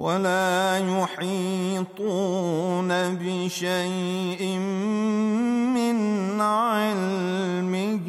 ولا يحيطون بشيء من علمه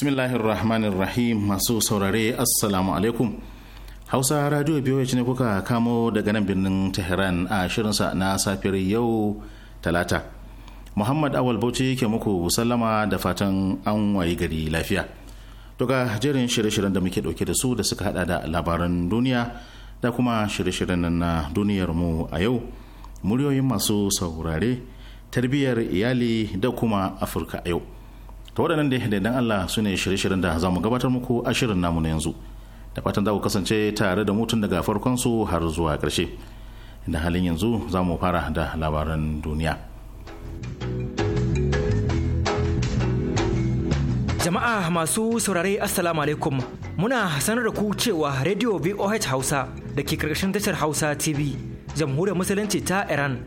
Bismillahirrahmanirrahim masu saurare Assalamu alaikum. Hausa Radio BOH ne kuka kamo daga nan birnin Tehran a shirinsa na safiyar yau Talata. Muhammad Awal Bauchi ke muku sallama da fatan an wayi gari lafiya. Daga jerin shirye-shiryen da muke dauke da su da suka hada da labaran duniya da kuma shirye-shiryen na duniyar mu a yau. Muryoyin masu saurare, tarbiyyar iyali da kuma Afirka a yau. to waɗannan da dan Allah su ne shirye-shiryen da za mu gabatar muku a shirin namu na yanzu da fatan za ku kasance tare da mutum daga farkon su har zuwa ƙarshe da halin yanzu za mu fara da labaran duniya jama'a masu saurare assalamu alaikum muna sanar da ku cewa radio voh hausa da ke karkashin tashar hausa tv jamhuriyar musulunci ta iran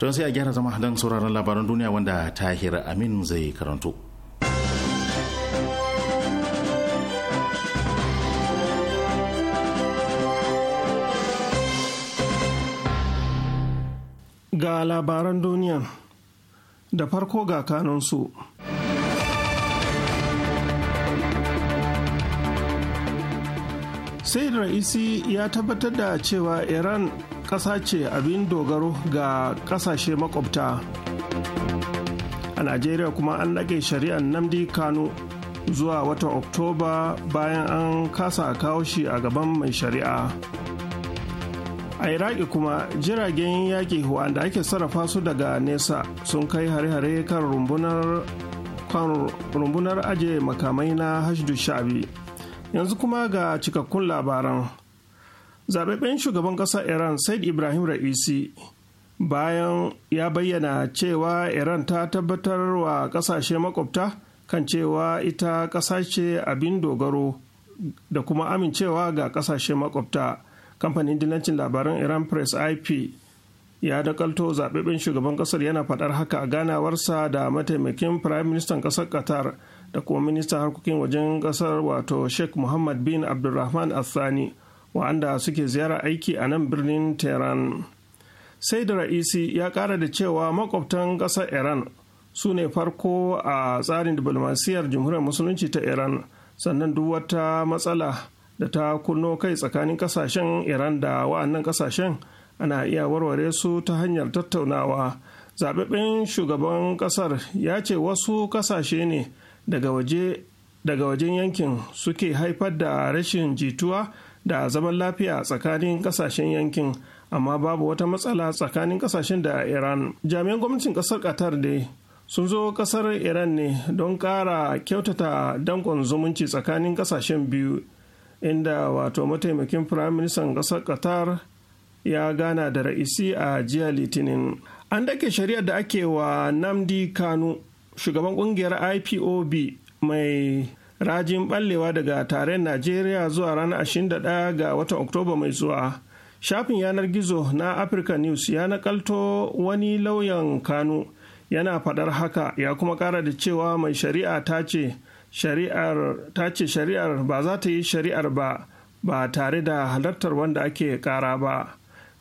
don sai a gyara zama don sauraron labaran duniya wanda tahir amin zai karanto ga labaran duniya da farko ga kanansu sai raisi ya tabbatar da cewa iran ƙasa ce abin dogaro ga ƙasashe makwabta a najeriya kuma an ɗage shari'ar namdi kano zuwa watan oktoba bayan an kasa kawo shi a gaban mai shari'a a iraki kuma jiragen yaƙi wanda ake sarrafa su daga nesa sun kai hare-hare kan rumbunar kan aje makamai na hashdu sha'abi yanzu kuma ga cikakkun labaran zaɓaɓɓen shugaban ƙasar iran said ibrahim ra'isi bayan ya bayyana cewa iran ta tabbatar wa ƙasashe makwabta kan cewa ita ƙasa ce abin dogaro da kuma amincewa ga ƙasashe makwabta kamfanin dinancin labaran iran press ip ya dakalto zaɓaɓɓen shugaban ƙasar yana faɗar haka a ganawarsa da mataimakin firayim ministan ƙasar qatar da kuma ministan harkokin wajen ƙasar wato sheikh muhammad bin abdulrahman athani wa'anda suke ziyara aiki a nan birnin tehran sai da ra'isi ya kara da cewa makwabtan ƙasar iran su ne farko a tsarin diplomasiyar jamhuriyar musulunci ta iran sannan duk wata matsala da ta kunno kai tsakanin kasashen iran da wa'annan kasashen ana iya warware su ta hanyar tattaunawa zaɓaɓɓen shugaban ƙasar ya ce wasu ƙasashe ne daga wajen yankin suke haifar da rashin jituwa da zaman lafiya tsakanin kasashen yankin amma babu wata matsala tsakanin kasashen da iran jami'an gwamnatin kasar qatar dai sun zo kasar iran ne don kara kyautata dankon zumunci tsakanin kasashen biyu inda wato mataimakin firayim ministan kasar qatar ya gana da ra'isi a jiya litinin an dake shari'ar da ake wa namdi kanu shugaban kungiyar ipob mai rajin ɓallewa daga tarayyar najeriya zuwa ranar 21 ga watan oktoba mai zuwa shafin yanar gizo na africa news ya nakalto wani lauyan kano yana faɗar haka ya kuma ƙara da cewa mai shari'a ta ce shari'ar ba za ta yi shari'ar ba ba tare da halartar wanda ake ƙara ba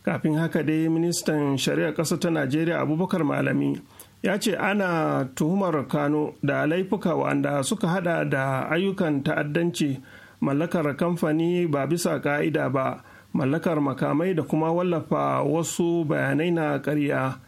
kafin haka dai ministan shari'ar ƙasa ta najeriya abubakar malami ya ce ana tuhumar kano da laifuka wanda suka hada da ayyukan ta'addanci mallakar kamfani ba bisa ka'ida ba mallakar makamai da kuma wallafa wasu bayanai na karya.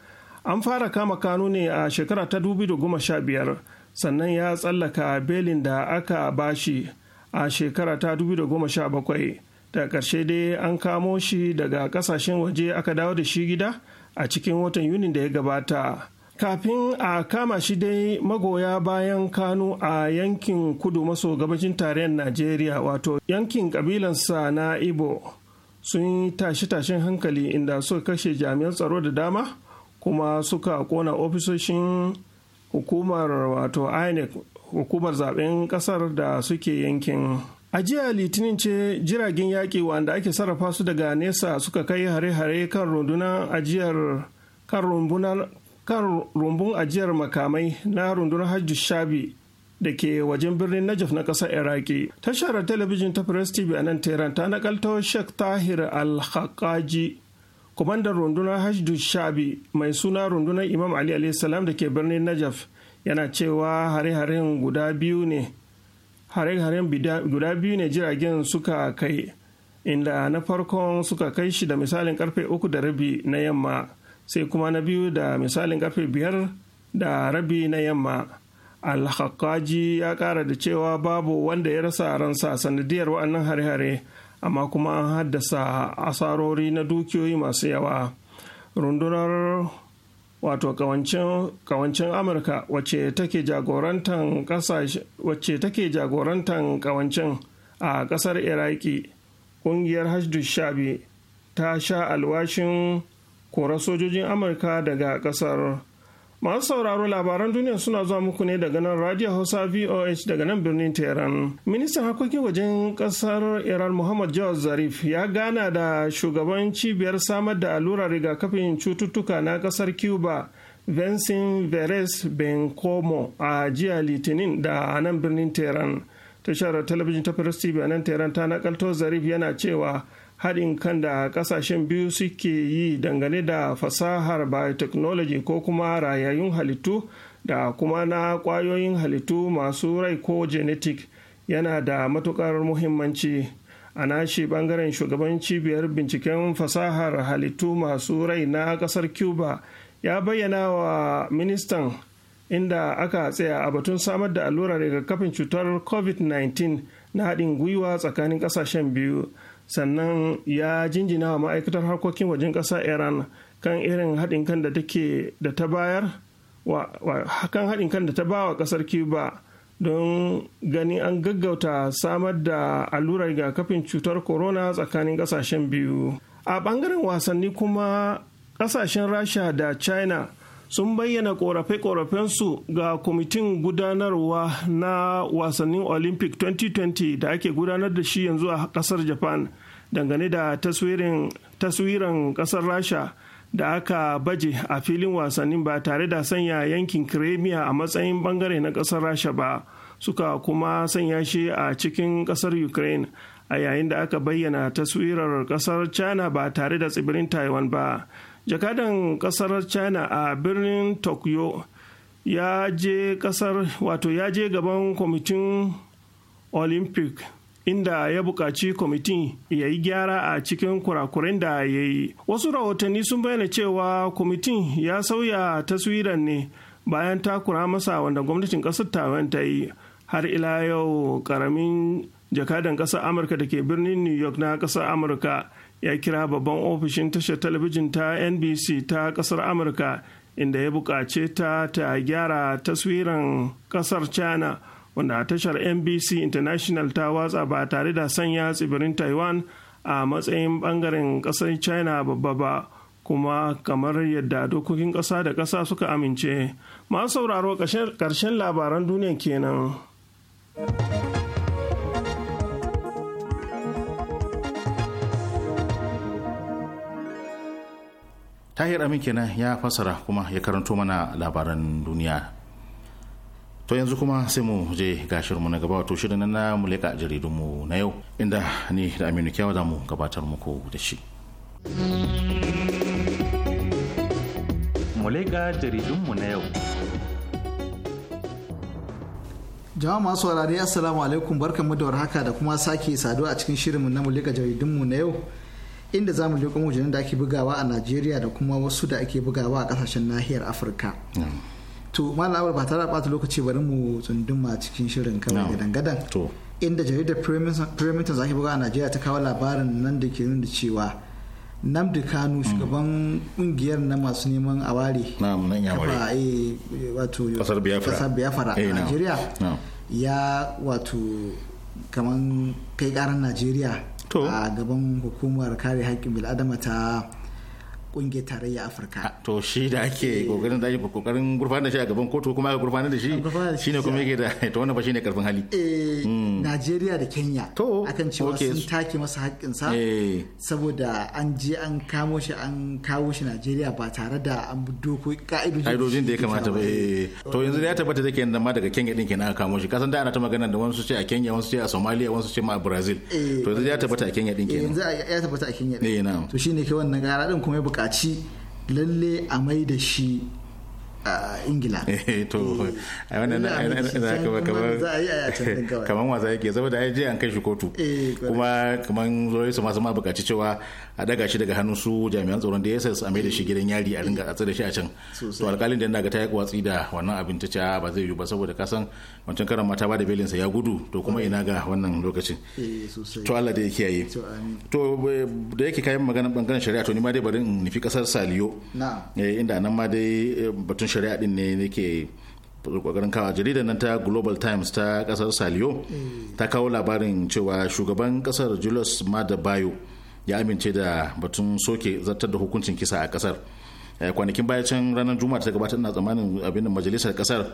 an fara kama kano ne a shekara ta 2015 sannan ya tsallaka belin da aka bashi a shekara ta 2017 da ƙarshe dai an kamo shi daga ƙasashen waje aka dawo da shi gida a cikin watan yunin da ya gabata kafin a kama shi dai magoya bayan kanu a yankin kudu maso gabashin tarayyar najeriya wato yankin kabilansa na ibo sun yi tashe-tashen hankali inda suka kashe jami'an tsaro da dama kuma suka kona ofisoshin hukumar wato inec hukumar zaben kasar da suke yankin a jiya litinin ce jiragen yaƙi wanda ake sarrafa su daga nesa suka kai hare-hare kan rundunar ajiyar kan kan rumbun ajiyar makamai na rundunar hajji shabi da ke wajen birnin najaf na ƙasar iraki tashar talabijin ta press tv a nan tehran ta nakalta sheikh tahir al kwamandan rundunar hajji shabi mai suna rundunar imam ali salam da ke birnin najaf yana cewa hare-haren guda biyu ne hare-haren guda biyu ne jiragen suka kai inda na farkon suka kai shi da misalin karfe uku da rabi na yamma sai kuma na biyu da misalin karfe biyar da rabi na yamma alhakaji ya kara da cewa babu wanda ya rasa ransa sanadiyar wa'annan hare-hare amma kuma an haddasa asarori na dukiyoyi masu yawa rundunar wato kawancin amurka wacce take jagorantan kawancin a kasar iraki kungiyar hajjus shabi ta sha alwashin korar sojojin amurka daga kasar masu sauraro labaran duniya suna zuwa muku ne daga nan radio hausa voh daga nan birnin tehran ministan harkokin wajen kasar iran muhammad jawad zarif ya gana da shugaban cibiyar samar da allurar rigakafin cututtuka na kasar cuba vincent veres Benkomo a jiya litinin da a nan birnin tehran tashar talabijin ta firis a nan tehran ta nakalto zarif yana cewa haɗin kan da ƙasashen biyu suke yi dangane da fasahar biotechnology ko kuma rayayun halittu da kuma na ƙwayoyin halittu masu rai ko genetic yana da matuƙar muhimmanci a nashi ɓangaren shugaban cibiyar binciken fasahar halittu masu rai na ƙasar cuba ya bayyana wa ministan inda aka tsaya a batun samar da allurar rigakafin cutar covid-19 na haɗin gwiwa tsakanin ƙasashen biyu sannan ya jinjina wa ma'aikatar harkokin wajen ƙasa iran kan irin haɗin kan da ta bayar kan haɗin kan da ta ba wa ƙasar cuba don ganin an gaggauta samar da allurar kafin cutar corona tsakanin ƙasashen biyu a ɓangaren wasanni kuma ƙasashen rasha da china sun bayyana korafe-korafensu ga kwamitin gudanarwa na wasannin olympic 2020 da ake gudanar da shi yanzu a kasar japan dangane da taswiran kasar rasha da aka baje a filin wasannin ba tare da sanya yankin kremia a matsayin bangare na kasar rasha ba suka kuma sanya shi a cikin kasar ukraine a yayin da aka bayyana taswirar kasar china ba tare da tsibirin taiwan ba jakadan kasar china a birnin tokyo ya je kasar wato ya je gaban kwamitin olympic inda ya buƙaci kwamitin ya yi gyara a cikin kurakuren da ya yi wasu rahotanni sun bayyana cewa kwamitin ya sauya taswiran ne bayan takura masa wanda gwamnatin ƙasar taiwan ta yi har ila yau ƙaramin jakadan ƙasar amurka da ke birnin new york na ƙasar amurka ya kira babban ofishin tashar talabijin ta nbc ta kasar amurka inda ya buƙace ta ta gyara taswiran kasar china wanda tashar nbc international ta watsa ba tare da sanya tsibirin taiwan a matsayin bangaren kasar china babba ba kuma kamar yadda dokokin ƙasa da ƙasa suka amince masu sauraro ƙarshen labaran duniya kenan. tahir amin kenan ya fassara kuma ya karanto mana labaran duniya to yanzu kuma sai mu je ga na gaba wato shirin na mu muleka jaridunmu na yau inda ni da aminu kyawa za mu gabatar muku da shi muleka jaridunmu jama'a masu warare assalamu alaikum mu da warhaka da kuma sake saduwa a cikin shirinmu na muleka jaridunmu na yau inda zamu je kuma wajen da ake bugawa a Najeriya da kuma wasu da ake bugawa a kasashen nahiyar Afirka. To malam ba tare da lokaci bari mu tsunduma cikin shirin kawai gidan gadan. To. Inda jaridar Premierton za buga a Najeriya ta kawo labarin nan da ke nuna cewa Namdi Kanu mm. shugaban kungiyar na masu neman aware. Na'am nan ya ware. Eh, eh, wato kasar Biafra. Kasar Biafra a eh, Najeriya. Ya wato kaman kai karan Najeriya a gaban hukumar kare haƙƙin bil'adama ta ƙungiyar tarayya afirka to shi da ake kokarin da ake kokarin gurfanar da shi a gaban kotu kuma aka gurfanar da shi shine kuma yake da to wannan ba shine karfin hali eh hmm. Najeriya da Kenya to akan cewa sun take masa haƙƙin sa eh. saboda an je an kamo shi an kawo shi Najeriya ba tare da an doko ka'idojin da ya kamata ba eh. to yanzu da ya tabbata da kenan ma daga Kenya din kenan aka kamo shi kasan da ana ta magana da wasu ce a Kenya wasu ce a Somalia wasu ce ma a Brazil eh, to yanzu ya tabbata a Kenya din kenan yanzu ya tabbata a Kenya din to shine ke wannan gara din kuma ya buƙaci lalle a mai da shi a ingila eh, to a wannan kamar kamar wasa yake saboda ai je an kai shi kotu eh, kuma kamar zoyi su masu ma bukaci cewa a daga shi daga hannun su jami'an tsaron DSS a mai da shi gidan yari a ringa tsare shi a can to alkalin da daga ta yi watsi da wannan abin ta ca ba zai yiwu ba saboda kasan wancan karan mata ba da belin sa ya gudu to kuma ina ga wannan lokacin eh, to Allah da ya kiyaye to da yake kayan magana bangaren shari'a to ni ma dai bari in nufi kasar Saliyo inda nan ma dai batun shari'a din ne nake kokarin kawa jaridar nan ta global times ta kasar salio ta kawo labarin cewa shugaban kasar julius mada bayo ya amince da batun soke zartar da hukuncin kisa a kasar eh, kwanakin baya can ranar juma'a ta gabata na tsammanin abin majalisar kasar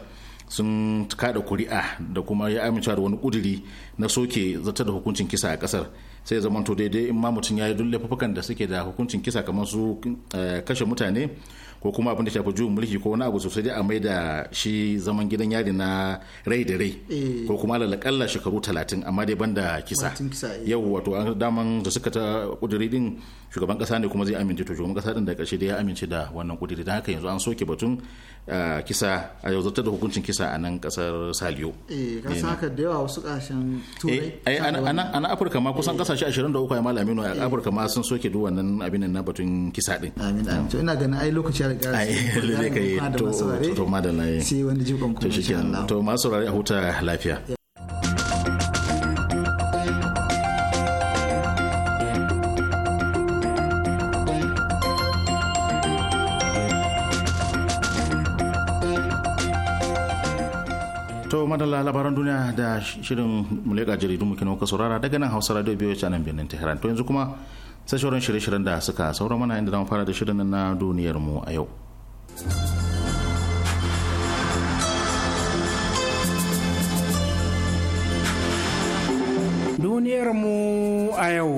sun kada kuri'a da kuma ya amince da wani kuduri na soke zartar da hukuncin kisa a kasar sai zamanto daidai in ma mutum ya yi duk laifukan da suke da hukuncin kisa kamar su eh, kashe mutane ko kuma abin da shafi juyin mulki ko wani abu sosai dai a mai da shi zaman gidan yari na rai da rai eh. ko kuma lalakalla shekaru talatin amma dai banda kisa eh. yau wato an daman da suka ta kudiri din shugaban kasa ne kuma zai amince to shugaban kasa din da karshe dai ya amince da wannan kudiri don haka yanzu an soke batun ah, kisa a yau zartar da hukuncin kisa a nan kasar saliyo eh kasa haka da yawa wasu kasashen turai eh, a na afirka ma kusan kasashe 23 ya malamino a afirka ma sun soke duk wannan abin nan batun kisa din amin amin ina ganin ai lokaci kai to to madalla eh. sai wani jikon kuma insha Allah to masu saurare a huta lafiya To madalla labaran duniya da shirin muleka jaridun muke kuka saurara daga nan Hausa Radio biyo a nan benin Tehran. To yanzu kuma sai shirye-shiryen da suka saura mana inda zamu fara da shirin na duniyar mu a yau duniyar mu a yau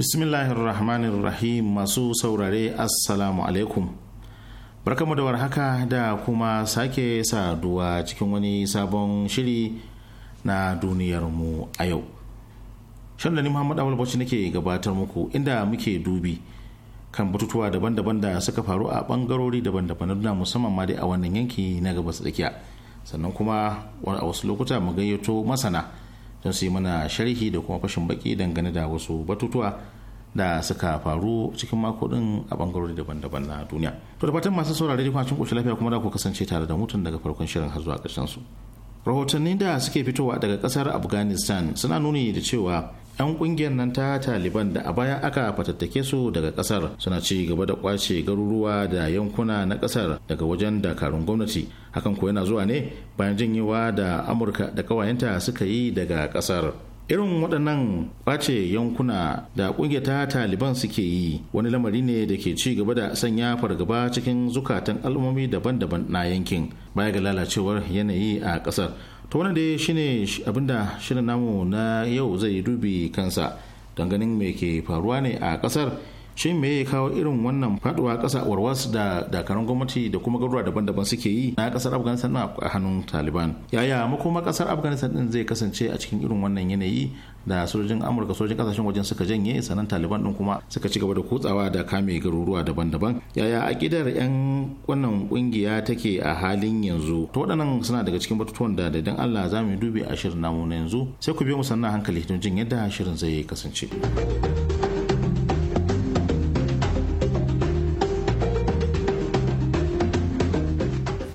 bismillahirrahmanirrahim masu saurare assalamu alaikum barkamu da warhaka da kuma sake saduwa cikin wani sabon shiri na duniyar mu a yau shan da ni muhammad amal bacci nake gabatar muku inda muke dubi kan batutuwa daban-daban da suka faru a bangarori daban-daban na duniya musamman ma dai a wannan yanki na gabas tsakiya sannan kuma a wasu lokuta mu gayyato masana don su yi mana sharhi da kuma fashin baki dangane da wasu batutuwa da suka faru cikin mako din a bangarori daban-daban na duniya to da fatan masu saurare da cin koshin lafiya kuma da ku kasance tare da mutum daga farkon shirin har zuwa ƙarshen su rahotanni da suke fitowa daga kasar afghanistan suna nuni da cewa 'yan kungiyar nan ta taliban da a baya aka fatattake su daga kasar suna ci gaba da kwace garuruwa da yankuna na kasar daga wajen dakarun gwamnati hakan ko yana zuwa ne bayan janyewa da amurka da kawayenta suka yi daga kasar irin waɗannan ƙwace yankuna da ƙungiyar ta taliban suke yi wani lamari ne da ke ci gaba da sanya fargaba cikin zukatan al'ummomi daban-daban na yankin baya ga lalacewar yanayi a ƙasar to wannan dai shine abinda shirin namu na yau zai dubi kansa don ganin me ke faruwa ne a kasar shin me ya kawo irin wannan faduwa ƙasa warwas da dakarun gwamnati da kuma garuruwa daban-daban suke yi na ƙasar afghanistan a hannun taliban yaya makoma ƙasar afghanistan din zai kasance a cikin irin wannan yanayi da sojojin amurka sojojin kasashen wajen suka janye sanan taliban din kuma suka ci gaba da kutsawa da kame garuruwa daban-daban yaya akidar yan wannan kungiya take a halin yanzu to waɗannan suna daga cikin batutuwan da dan allah za mu dubi a shirin namu na yanzu sai ku biyo mu sannan hankali don jin yadda shirin zai kasance.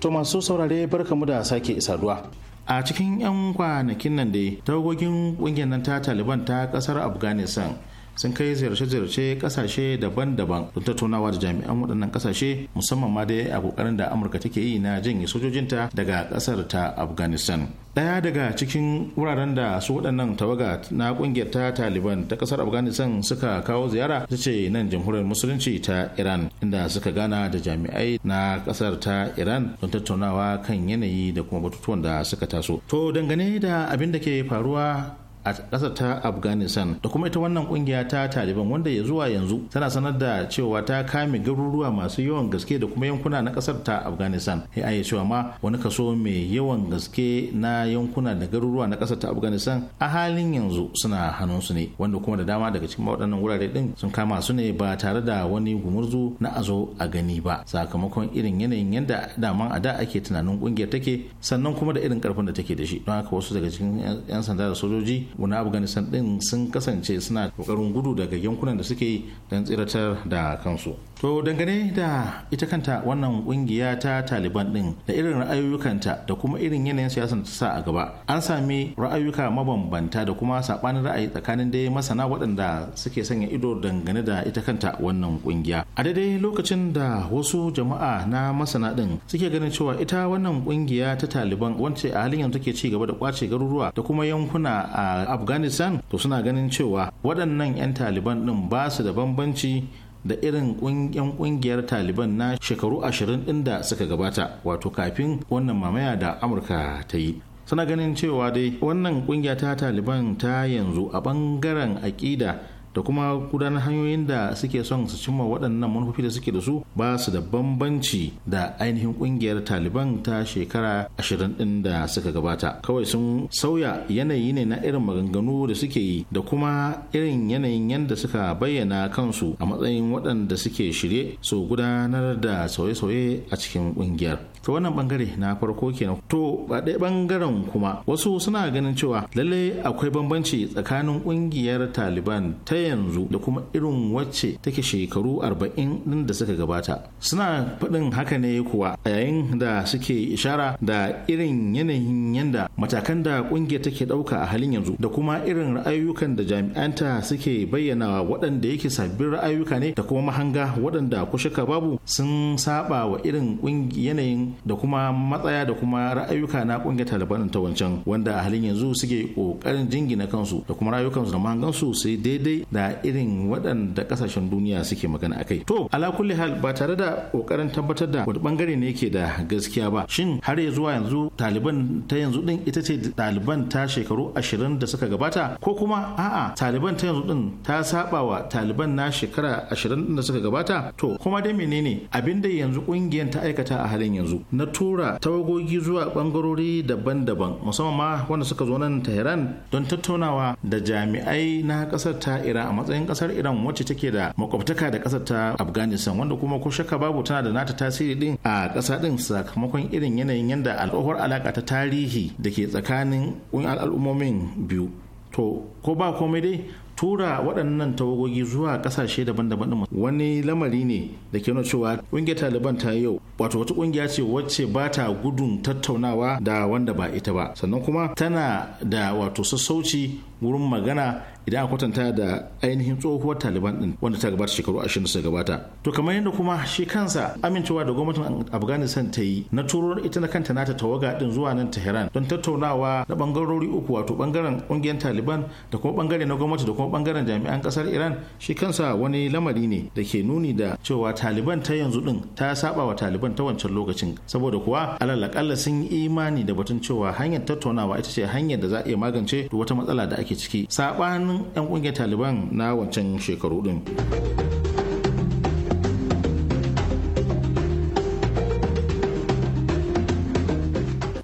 to masu saurare barka mu da sake saduwa a cikin 'yan kwanakin nan dai tawagogin kungiyar nan ta taliban ta kasar afghanistan sun kai ziyarce-ziyarce kasashe daban-daban don tattaunawa da jami'an waɗannan kasashe musamman ma dai a kokarin da amurka take yi na janye sojojinta daga ƙasar ta afghanistan ɗaya daga cikin wuraren da su waɗannan tawaga na ƙungiyar ta taliban ta ƙasar afghanistan suka kawo ziyara ta ce nan jamhuriyar musulunci ta iran inda suka gana da jami'ai na ƙasar ta iran don tattaunawa kan yanayi da kuma batutuwan da suka taso to dangane da abin da ke faruwa a ƙasar ta afghanistan da kuma ita wannan kungiya ta taliban wanda ya zuwa yanzu tana sanar da cewa ta kame garuruwa masu yawan gaske da kuma yankuna na ƙasar ta afghanistan ya iya cewa ma wani kaso mai yawan gaske na yankuna da garuruwa na ƙasar ta afghanistan a halin yanzu suna su ne wanda kuma da dama daga cikin waɗannan wurare ɗin sun kama su ne ba tare da wani gumurzu na azo a gani ba sakamakon irin yanayin yadda daman a da ake tunanin kungiyar take sannan kuma da irin karfin da take da shi don haka wasu daga cikin 'yan sanda da sojoji wani afghanistan din sun kasance suna kokarin gudu daga yankunan da suke don tsiratar da kansu To dangane da ita kanta wannan kungiya ta Taliban din da irin ra'ayoyukanta da kuma irin yanayin siyasar ta sa a gaba an sami ra'ayoyuka mabambanta da kuma sabanin ra'ayi tsakanin dai masana waɗanda suke sanya ido dangane da ita kanta wannan kungiya. A daidai lokacin da wasu jama'a na masana din suke ganin cewa ita wannan kungiya ta Taliban wacce a halin yanzu take ci gaba da kwace garuruwa da kuma yankuna a Afghanistan to suna ganin cewa waɗannan 'yan Taliban din ba su da bambanci da irin yan kungiyar taliban na shekaru ashirin ɗin da suka gabata wato kafin wannan mamaya da amurka ta yi suna ganin cewa dai wannan kungiya ta taliban ta yanzu a bangaren aƙida da kuma gudanar hanyoyin da suke son su cimma waɗannan manufofi da suke da su ba su da bambanci da ainihin ƙungiyar taliban ta shekara ashirin ɗin da suka gabata kawai sun sauya yanayi ne na irin maganganu da suke yi da kuma irin yanayin yadda suka bayyana kansu a matsayin waɗanda suke shirye su gudanar da sauye-sauye a cikin ƙungiyar to wannan bangare na farko kenan to a ɗaya bangaren kuma wasu suna ganin cewa lalle akwai bambanci tsakanin ƙungiyar taliban ta yanzu da kuma irin wacce take shekaru arba'in din da suka gabata suna faɗin haka ne kuwa a yayin da suke ishara da irin yanayin yanda matakan da kungiyar take ɗauka a halin yanzu da kuma irin ra'ayukan da jami'anta suke bayyanawa waɗanda yake sabbin ra'ayuka ne da kuma mahanga waɗanda kushaka babu sun saba wa irin yanayin da kuma matsaya da kuma ra'ayuka na kungiyar taliban ta wancan wanda a halin yanzu suke kokarin jingina kansu da kuma rayukansu da mahangansu sai daidai da irin waɗanda kasashen duniya suke magana akai to ala kulli hal ba tare da kokarin tabbatar da wani bangare ne yake da gaskiya ba shin har ya zuwa yanzu taliban ta yanzu din ita ce taliban ta shekaru ashirin da suka gabata ko kuma a'a taliban ta yanzu din ta saba wa taliban na shekara ashirin da suka gabata to kuma dai menene abin da yanzu kungiyar ta aikata a halin yanzu na tura tawagogi zuwa bangarori daban-daban musamman ma wanda suka zo nan Tehran don tattaunawa da jami'ai na kasar ta Iran a matsayin kasar Iran wacce take da makwabtaka da kasar ta Afghanistan wanda kuma ko shakka babu tana da nata tasiri din a kasa din sakamakon irin yanayin yanda al'ohar alaka ta tarihi da ke tsakanin al'ummomin biyu to ko ba komai dai tura waɗannan tawagogi zuwa ƙasashe daban-daban wani lamari ne da ke nuna cewa ƙungiyar taliban ta yau wato wata ƙungiya ce wacce ba ta gudun tattaunawa da wanda ba ita ba sannan kuma tana da wato sassauci wurin magana idan a kwatanta da ainihin tsohuwar taliban din wanda ta gabata shekaru 20 da gabata to kamar yadda kuma shi kansa amincewa da gwamnatin afghanistan ta yi na turo ita na kanta nata tawaga din zuwa nan tehran don tattaunawa na bangarori uku wato bangaren kungiyar taliban da kuma bangare na gwamnati da kuma bangaren jami'an kasar iran shi kansa wani lamari ne da ke nuni da cewa taliban ta yanzu din ta saba wa taliban ta wancan lokacin saboda kuwa alal akalla sun yi imani da batun cewa hanyar tattaunawa ita ce hanyar da za a iya magance wata matsala da ake ciki sabanin 'yan kungiyar taliban na wancan shekaru din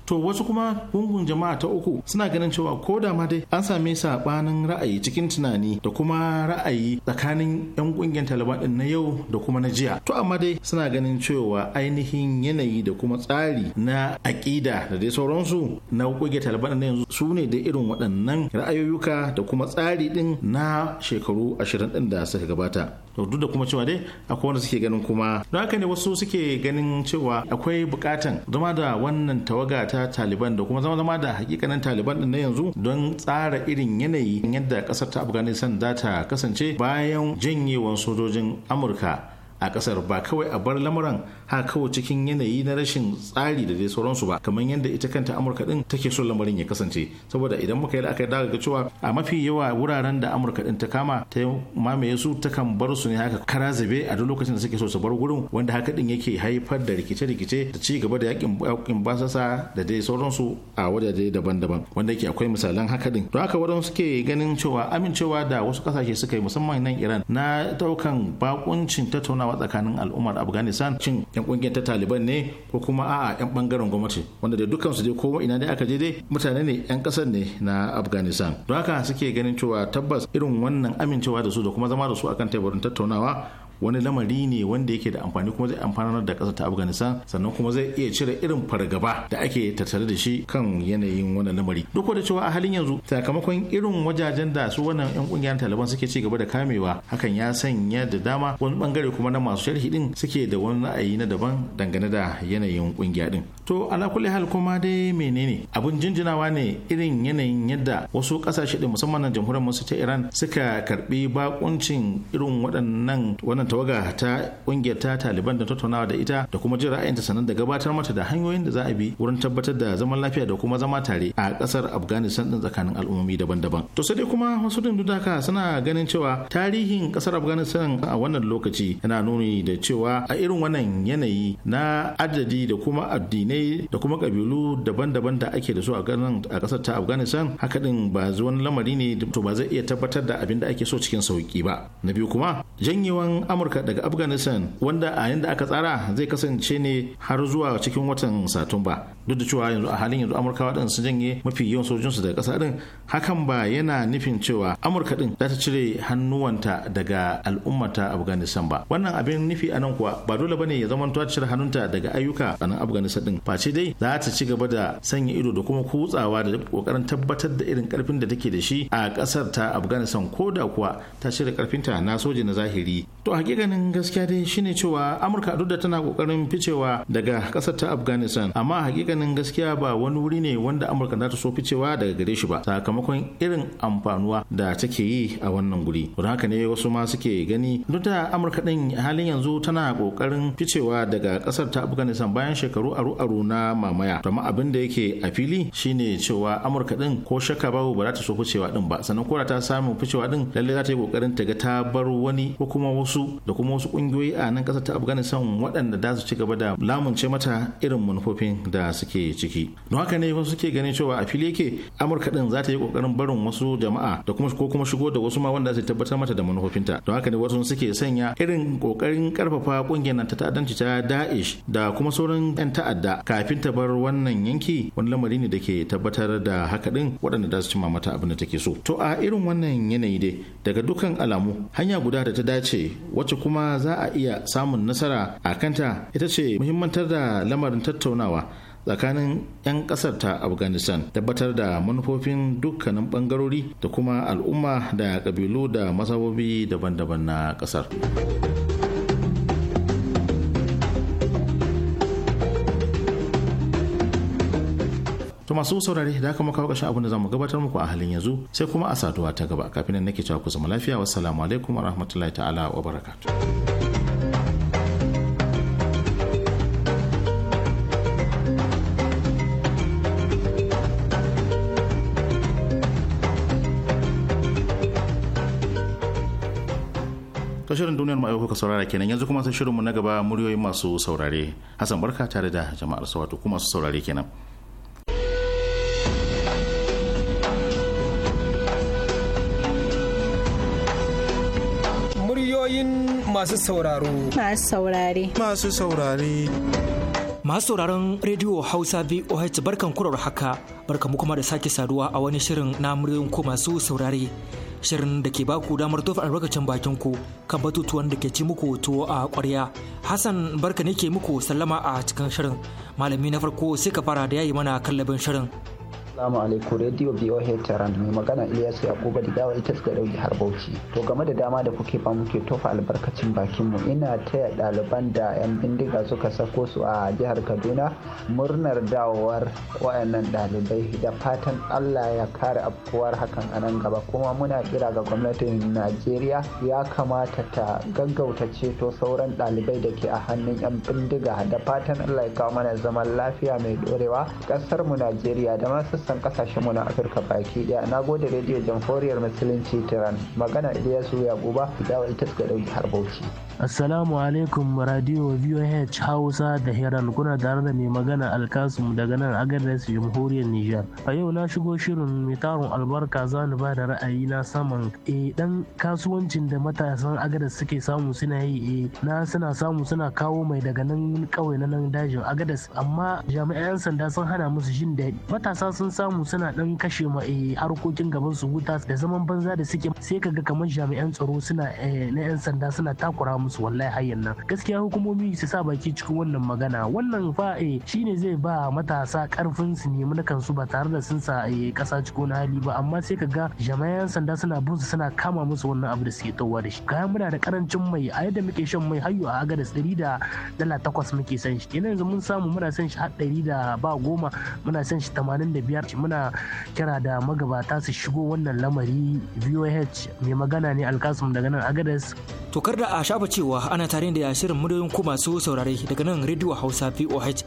to wasu kuma jama'a ta uku suna ganin cewa ko da ma dai an same sabanin ra'ayi cikin tunani da kuma ra'ayi tsakanin yan kungiyar taliban din na yau da kuma na jiya to amma dai suna ganin cewa ainihin yanayi da kuma tsari na aƙida da dai sauransu na kungiyar taliban na yanzu su ne da irin waɗannan ra'ayoyuka da kuma tsari din na shekaru ashirin din da suka gabata to duk da kuma cewa dai akwai wanda suke ganin kuma don haka ne wasu suke ganin cewa akwai bukatan zama da wannan tawaga ta taliban da kuma zama zama kuma da hakikanin taliban din na yanzu don tsara irin yanayi yadda kasar ta afghanistan za ta kasance bayan janyewan sojojin amurka a kasar ba kawai a bar lamuran ha cikin yanayi na rashin tsari da dai sauransu ba kamar yadda ita kanta amurka din take so lamarin ya kasance saboda idan muka yi la'akari daga ga cewa a mafi yawa wuraren da amurka din ta kama ta mamaye su takan bar su ne haka kara zabe a duk lokacin da suke so su bar gurin wanda haka din yake haifar da rikice-rikice da ci gaba da yakin basasa da dai sauransu a wajaje daban-daban wanda yake akwai misalan haka din to haka wadansu suke ganin cewa amincewa da wasu kasashe suka yi musamman nan iran na daukan bakuncin tattaunawa tsakanin al'ummar afghanistan cin yan kungiyar ta taliban ne ko kuma a'a yan bangaren gwamnati wanda da dukkan su dai ko ina dai aka je dai mutane ne yan kasar ne na afghanistan don haka suke ganin cewa tabbas irin wannan amincewa da su da kuma zama da su akan teburin tattaunawa wani lamari ne wanda yake da amfani kuma zai amfanar da ƙasa ta afghanistan sannan kuma zai iya cire irin fargaba da ake tattare da shi kan yanayin wannan lamari duk da cewa a halin yanzu sakamakon irin wajajen da su wannan yan kungiyar taliban suke ci gaba da kamewa hakan ya sanya da dama wani bangare kuma na masu sharhi din suke da wani ra'ayi na daban dangane da yanayin kungiya din to ala kulli hal kuma dai menene abun jinjinawa ne irin yanayin yadda wasu kasashe din musamman na jamhuriyar musu ta iran suka karbi bakuncin irin waɗannan wannan wannan tawaga ta kungiyar ta taliban da tattaunawa da ita da kuma jin ra'ayinta sannan da gabatar mata da hanyoyin da za a bi wurin tabbatar da zaman lafiya da kuma zama tare a kasar afghanistan din tsakanin al'ummomi daban-daban to sai dai kuma wasu dindudaka suna ganin cewa tarihin kasar afghanistan a wannan lokaci yana nuni da cewa a irin wannan yanayi na adadi da kuma addinai da kuma kabilu daban-daban da ake da su a a kasar ta afghanistan haka din ba zuwan lamari ne to ba zai iya tabbatar da abin da ake so cikin sauki ba na biyu kuma janyewan amurka daga afghanistan wanda a yanda aka tsara zai kasance ne har zuwa cikin watan satumba duk da cewa yanzu a halin yanzu amurkawa din sun janye mafi yawan sojojinsu daga ƙasa din hakan ba yana nufin cewa amurka din za ta cire hannuwanta daga al'ummata afghanistan ba wannan abin nufi a nan kuwa ba dole ba ne ya zama ta cire hannunta daga ayyuka a nan afghanistan din face dai za ta ci gaba da sanya ido da kuma kutsawa da kokarin tabbatar da irin karfin da take da shi a ƙasar ta afghanistan ko da kuwa ta cire karfinta na soja na zahiri to hakikanin gaskiya dai shine cewa amurka duk da tana kokarin ficewa daga ƙasar ta afghanistan amma hakika ganin gaskiya ba wani wuri ne wanda amurka za ta so ficewa daga gare shi ba sakamakon irin amfanuwa da take yi a wannan guri don haka ne wasu ma suke gani duk da amurka din halin yanzu tana kokarin ficewa daga kasar ta afghanistan bayan shekaru aru aru na mamaya amma abin da yake a fili shine cewa amurka din ko shakka babu ba za ta so ficewa din ba sannan kora ta samu ficewa din lalle za ta yi kokarin ta ga ta bar wani ko kuma wasu da kuma wasu kungiyoyi a nan kasar ta afghanistan waɗanda za su ci gaba da lamunce mata irin manufofin da su suke ciki don haka ne wasu suke ganin cewa a fili yake amurka din za ta yi kokarin barin wasu jama'a da kuma ko kuma shigo da wasu ma wanda zai tabbatar mata da manufofinta don haka ne wasu suke sanya irin kokarin karfafa kungiyar nan ta ta'addanci ta Daesh da kuma sauran yan ta'adda kafin ta bar wannan yanki wani lamari ne da ke tabbatar da haka din waɗanda za su cimma mata abin da take so to a irin wannan yanayi dai daga dukkan alamu hanya guda da ta dace wacce kuma za a iya samun nasara a kanta ita ce muhimmantar da lamarin tattaunawa tsakanin 'yan kasar ta afghanistan tabbatar da manufofin dukkanin bangarori da kuma al'umma da kabilu da masabobi daban-daban na kasar to masu saurare da aka maka kashin abin da zamu gabatar muku a halin yanzu sai kuma a saduwa ta gaba kafin nan nake cewa ku zama lafiya wassalamu alaikum warahmatullahi ta'ala wa barakatuh to shirin duniyar mu kuka saurara kenan yanzu kuma sai shirinmu na gaba muryoyin masu saurare hassan barka tare da jama'ar sawato kuma su saurare kenan muryoyin masu sauraro. Masu saurare. Masu saurare. Masu sauraron rediyo Hausa VOH barkan kurar haka mu kuma da sake saduwa a wani shirin na muryoyin ko masu saurare. Shirin da ke baku damar tofa albarkacin bakin ku kan batutuwan da ke ci muku tuwo a ƙwarya. Hassan barka ne ke muku sallama a cikin shirin. Malami na farko sai ka fara da yayi mana kallabin shirin. Assalamu alaikum Radio BOH Tehran mai magana Ilyas Yakuba da dawa ita suka dauki har Bauchi. To game da dama da kuke ba muke tofa albarkacin bakin mu ina taya ɗaliban da 'yan bindiga suka sako su a jihar Kaduna murnar dawowar wayannan ɗalibai da fatan Allah ya kare afkuwar hakan a nan gaba kuma muna kira ga gwamnatin Najeriya ya kamata ta gaggauta ceto sauran ɗalibai da ke a hannun 'yan bindiga da fatan Allah ya kawo mana zaman lafiya mai dorewa ƙasar mu Najeriya da masu sassan kasashenmu na afirka baki daya na gode rediyo jamhuriyar musulunci tiran magana iliyasu yakuba dawa ita suka dauki har bauchi Assalamu alaikum radio VOH Hausa da Heran kuna tare da mai magana Alkasum daga nan Agadez Jamhuriyar Nijar. A yau na shigo shirin mai taron albarka zani ba da ra'ayi na saman e dan kasuwancin da matasan Agadez suke samu suna yi e na suna samu suna kawo mai daga nan kawai na nan dajin Agadez amma jami'an sanda sun hana musu jin daɗi. Matasa sun samu suna dan kashe ma e harkokin gaban su wuta da zaman banza da suke sai kaga kamar jami'an tsaro suna na 'yan sanda suna takura musu wallahi hayyan nan gaskiya hukumomi su sa baki cikin wannan magana wannan fa eh, shine zai ba matasa karfin su nemi na kansu ba tare da sun sa kasa eh, cikin hali ba amma sai ka ga jama'an sanda suna bin su suna kama musu wannan abu da suke towa da shi kayan muna da karancin mai a yadda muke shan mai hayo a agadas ɗari da dala takwas muke san shi kenan yanzu mun samu muna san shi har ɗari da ba goma muna san shi tamanin da biyar muna kira da magabata su shigo wannan lamari voh mai magana ne alkasum daga nan agadas. tokar da a shafa cewa ana tare da shirin muryoyin ku masu saurare daga nan rediyo Hausa VOH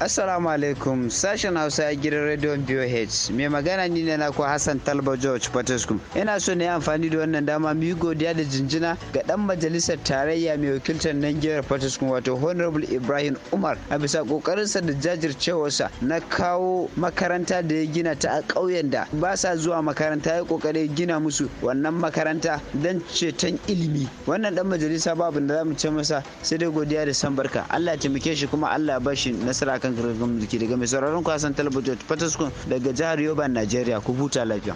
Assalamu alaikum sashen Hausa ya gidan rediyon BOH mai magana ni ne na ku Hassan Talba George Patescu. Ina so na yi amfani da wannan dama mu godiya da jinjina ga ɗan majalisar tarayya mai wakiltar nan jihar Patescu wato Honorable Ibrahim Umar a bisa kokarinsa da jajircewarsa na kawo makaranta da ya gina ta a ƙauyen da ba sa zuwa makaranta ya kokari gina musu wannan makaranta don ceton ilimi. Wannan ɗan majalisa babu da za mu ce masa sai dai godiya da san barka. Allah ya taimake shi kuma Allah ya bashi nasara kan gargagamda mulki daga mai sauraron kwasan talabijin fataskun daga jihar yoban najeriya ku huta lafiya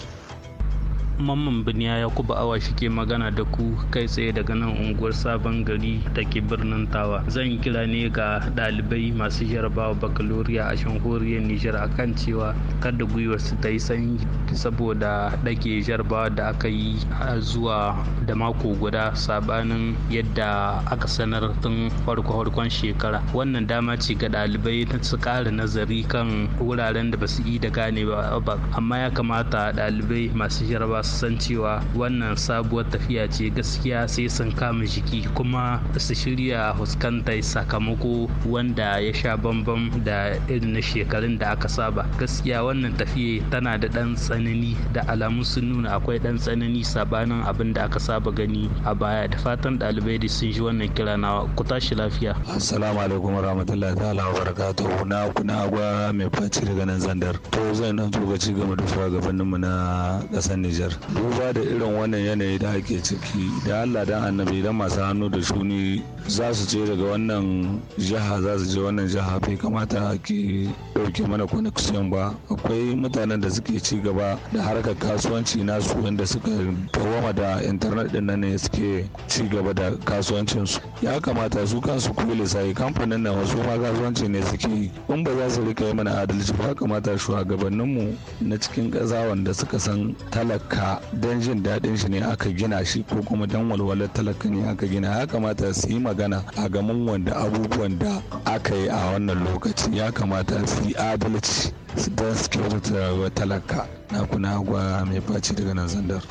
mamman biniya yakubu awa shike magana da ku kai tsaye daga nan unguwar sabon gari da ke birnin tawa zan kira ne ga dalibai masu jarabawa bakaloriya a shankoriyar nijar akan cewa kada gwiwar su ta yi sanyi saboda ɗage jarabawa da aka yi zuwa da mako guda sabanin yadda aka sanar tun farko-farkon shekara wannan dama ce ga ɗalibai su ƙara nazari kan wuraren da ba su yi da gane ba amma ya kamata dalibai masu jarabawa su san cewa wannan sabuwar tafiya ce gaskiya sai sun kama jiki kuma su shirya fuskantar sakamako wanda ya sha bambam da irin na shekarun da aka saba gaskiya wannan tafiya tana da ɗan tsanani da alamu sun nuna akwai ɗan tsanani sabanin abin da aka saba gani a baya da fatan ɗalibai da sun ji wannan kira na ku tashi lafiya assalamu alaikum warahmatullahi ta'ala wa barakatuhu na kuna agwa mai faci daga nan zandar to zan dan tsokaci game da gabanin mu na ƙasar Nijar ƙasar Duba da irin wannan yanayi da ake ciki da Allah dan annabi da masu hannu da shuni za su je daga wannan jiha za su je wannan jiha bai kamata ke ɗauke mana connection ba akwai mutanen da suke ci gaba da harkar kasuwanci nasu wanda suka dawama da intanet din nan ne suke ci gaba da kasuwancinsu ya kamata su kansu kule sai kamfanin nan wasu ma kasuwanci ne suke yi in ba za su rika yi mana adalci ba kamata shugabanninmu na cikin ƙasa wanda suka san talaka talaka don jin daɗin shi ne aka gina shi ko kuma don walwalar talaka ne aka gina ya kamata su yi magana a gaman wanda abubuwan da aka yi a wannan lokaci ya kamata su yi adalci don su kyautata talaka na kuna agwa mai faci daga nan zandar.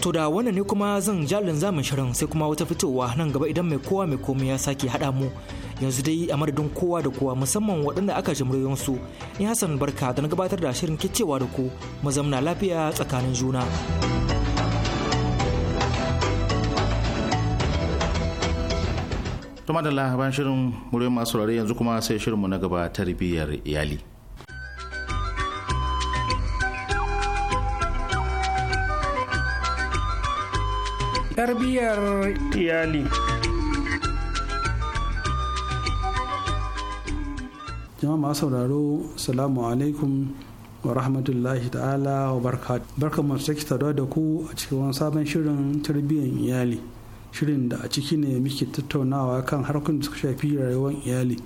To da wannan ne kuma zan jalin zamin shirin sai kuma wata fitowa nan gaba idan mai kowa mai komai ya sake haɗa mu yanzu dai a madadin kowa da kowa musamman waɗanda aka ji su ni hassan barka da na gabatar da shirin kicewa da ku mu zamna lafiya tsakanin juna tuma da bayan shirin murai masu rare yanzu kuma sai shirinmu na gaba tarbiyyar iyali tarbiyyar iyali jama'a masu sauraro salamu alaikum wa rahmatullahi ta'ala wa barka barka masu sake taruwa da ku a cikin wani sabon shirin tarbiyyar iyali shirin da a ciki ne muke tattaunawa kan harkokin da suka shafi rayuwar iyali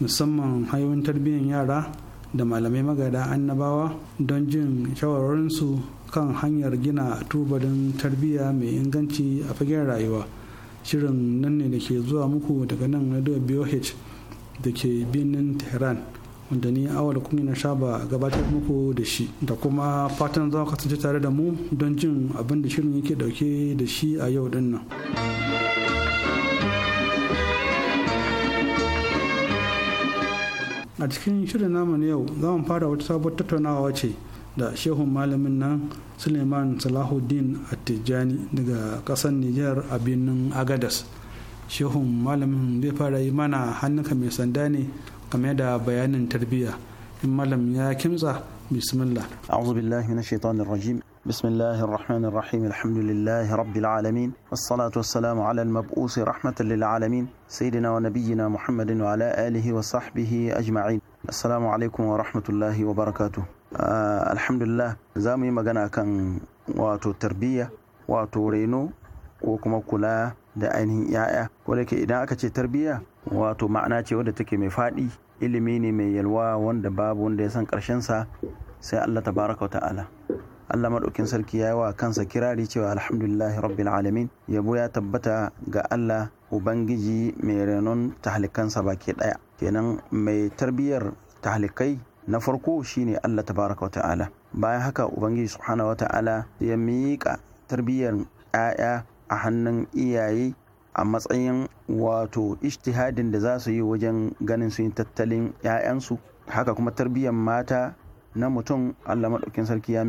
musamman hanyoyin tarbiyyar yara da malamai magada annabawa don jin shawararinsu kan hanyar gina tubalin tarbiyya mai inganci a fagen rayuwa shirin nan ne da ke zuwa muku daga nan radio boh da ke birnin tehran wanda ni awal kuma na shaba gabatar muku da shi da kuma fatan za ka kasance tare da mu don jin abin da shirin yake dauke da shi a yau din nan a cikin shirin namu na yau za mu fara wata sabuwar tattaunawa ce da shehun malamin nan suleiman salahuddin attijani daga kasar nijar a birnin agadas shehun malamin zai fara yi mana hannunka mai sanda ne game da bayanin tarbiyya in malam ya kimtsa bismillah a'udhu billahi minash shaitanir rajim بسم الله الرحمن الرحيم الحمد لله رب العالمين والصلاة والسلام على المبعوث رحمة للعالمين سيدنا ونبينا محمد وعلى آله وصحبه أجمعين السلام عليكم ورحمة الله وبركاته آه الحمد لله زامي مغانا كان واتو تربية واتو رينو وكما كلا da ainihin 'ya'ya ko da ke idan aka ce tarbiya wato ma'ana ce wadda take mai faɗi ilimi ne mai yalwa wanda babu wanda ya san ƙarshensa sai Allah tabaraka ta'ala Allah maɗaukin sarki ya yi wa kansa kirari cewa alhamdulillahi rabbil alamin yabo ya tabbata ga Allah ubangiji mai renon tahalikansa baki ɗaya kenan mai tarbiyyar tahalikai na farko shine Allah tabaraka ta'ala bayan haka ubangiji subhanahu ta'ala ya miƙa tarbiyyar 'ya'ya a hannun iyaye a matsayin wato ishtihadin da za su yi wajen ganin sun tattalin 'ya'yansu haka kuma tarbiyyar mata na mutum allah maɗaukin sarki ya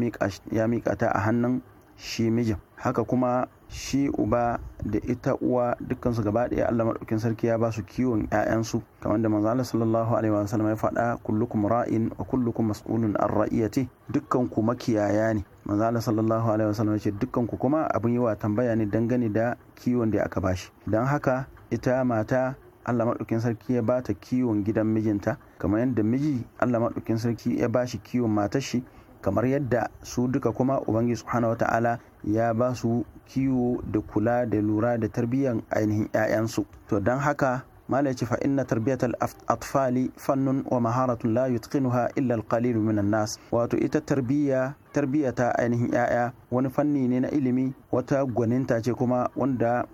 miƙa ta a hannun shi mijin haka kuma shi uba da ita uwa dukkansu gaba ɗaya Allah madaukin sarki ya ba su kiwon ƴaƴansu kamar da manzo Allah sallallahu alaihi wasallam ya faɗa kullukum ra'in wa kullukum mas'ulun an ra'iyati dukkan ku makiyaya ne manzo Allah sallallahu alaihi wasallam ya ce dukkan ku kuma abun yi wa tambaya ne dangane da kiwon da aka bashi dan haka ita mata Allah madaukin sarki ya ba ta kiwon gidan mijinta kamar yadda miji Allah madaukin sarki ya ba shi kiwon matar shi kamar yadda su duka kuma ubangiji subhanahu wata'ala ya ba su kiwo da kula da lura da tarbiyyan ainihin 'ya'yansu to don haka malaki ce fa inna tarbiyatal atfali fannun wa maharatun la yutqinuha illa alqalilu minan nas wato ita tarbiyya tarbiyata ainihin 'ya'ya wani fanni ne na ilimi wata gwaninta ce kuma wanda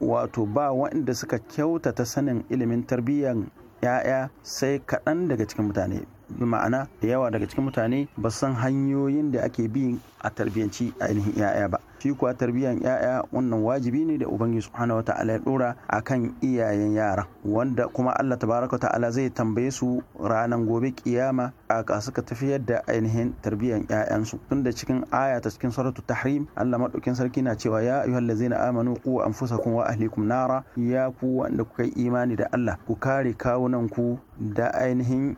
wato ba wanda suka kyautata sanin ilimin tarbiyyan 'ya'ya sai kaɗan daga cikin mutane ma'ana da yawa daga cikin mutane ba san hanyoyin da ake bi a tarbiyyanci ainihin 'ya'ya ba shi kuwa tarbiyyar ya'ya wannan wajibi ne da ubangiji subhanahu ta'ala ya dora akan iyayen yara wanda kuma Allah tabaraka ta'ala zai tambaye su ranan gobe kiyama a suka tafiyar da ainihin tarbiyyar su tunda cikin aya ta cikin suratul tahrim Allah madaukin sarki na cewa ya ayyuhallazina amanu qu anfusakum wa ahlikum nara ya ku wanda kuka yi imani da Allah ku kare kawunan ku da ainihin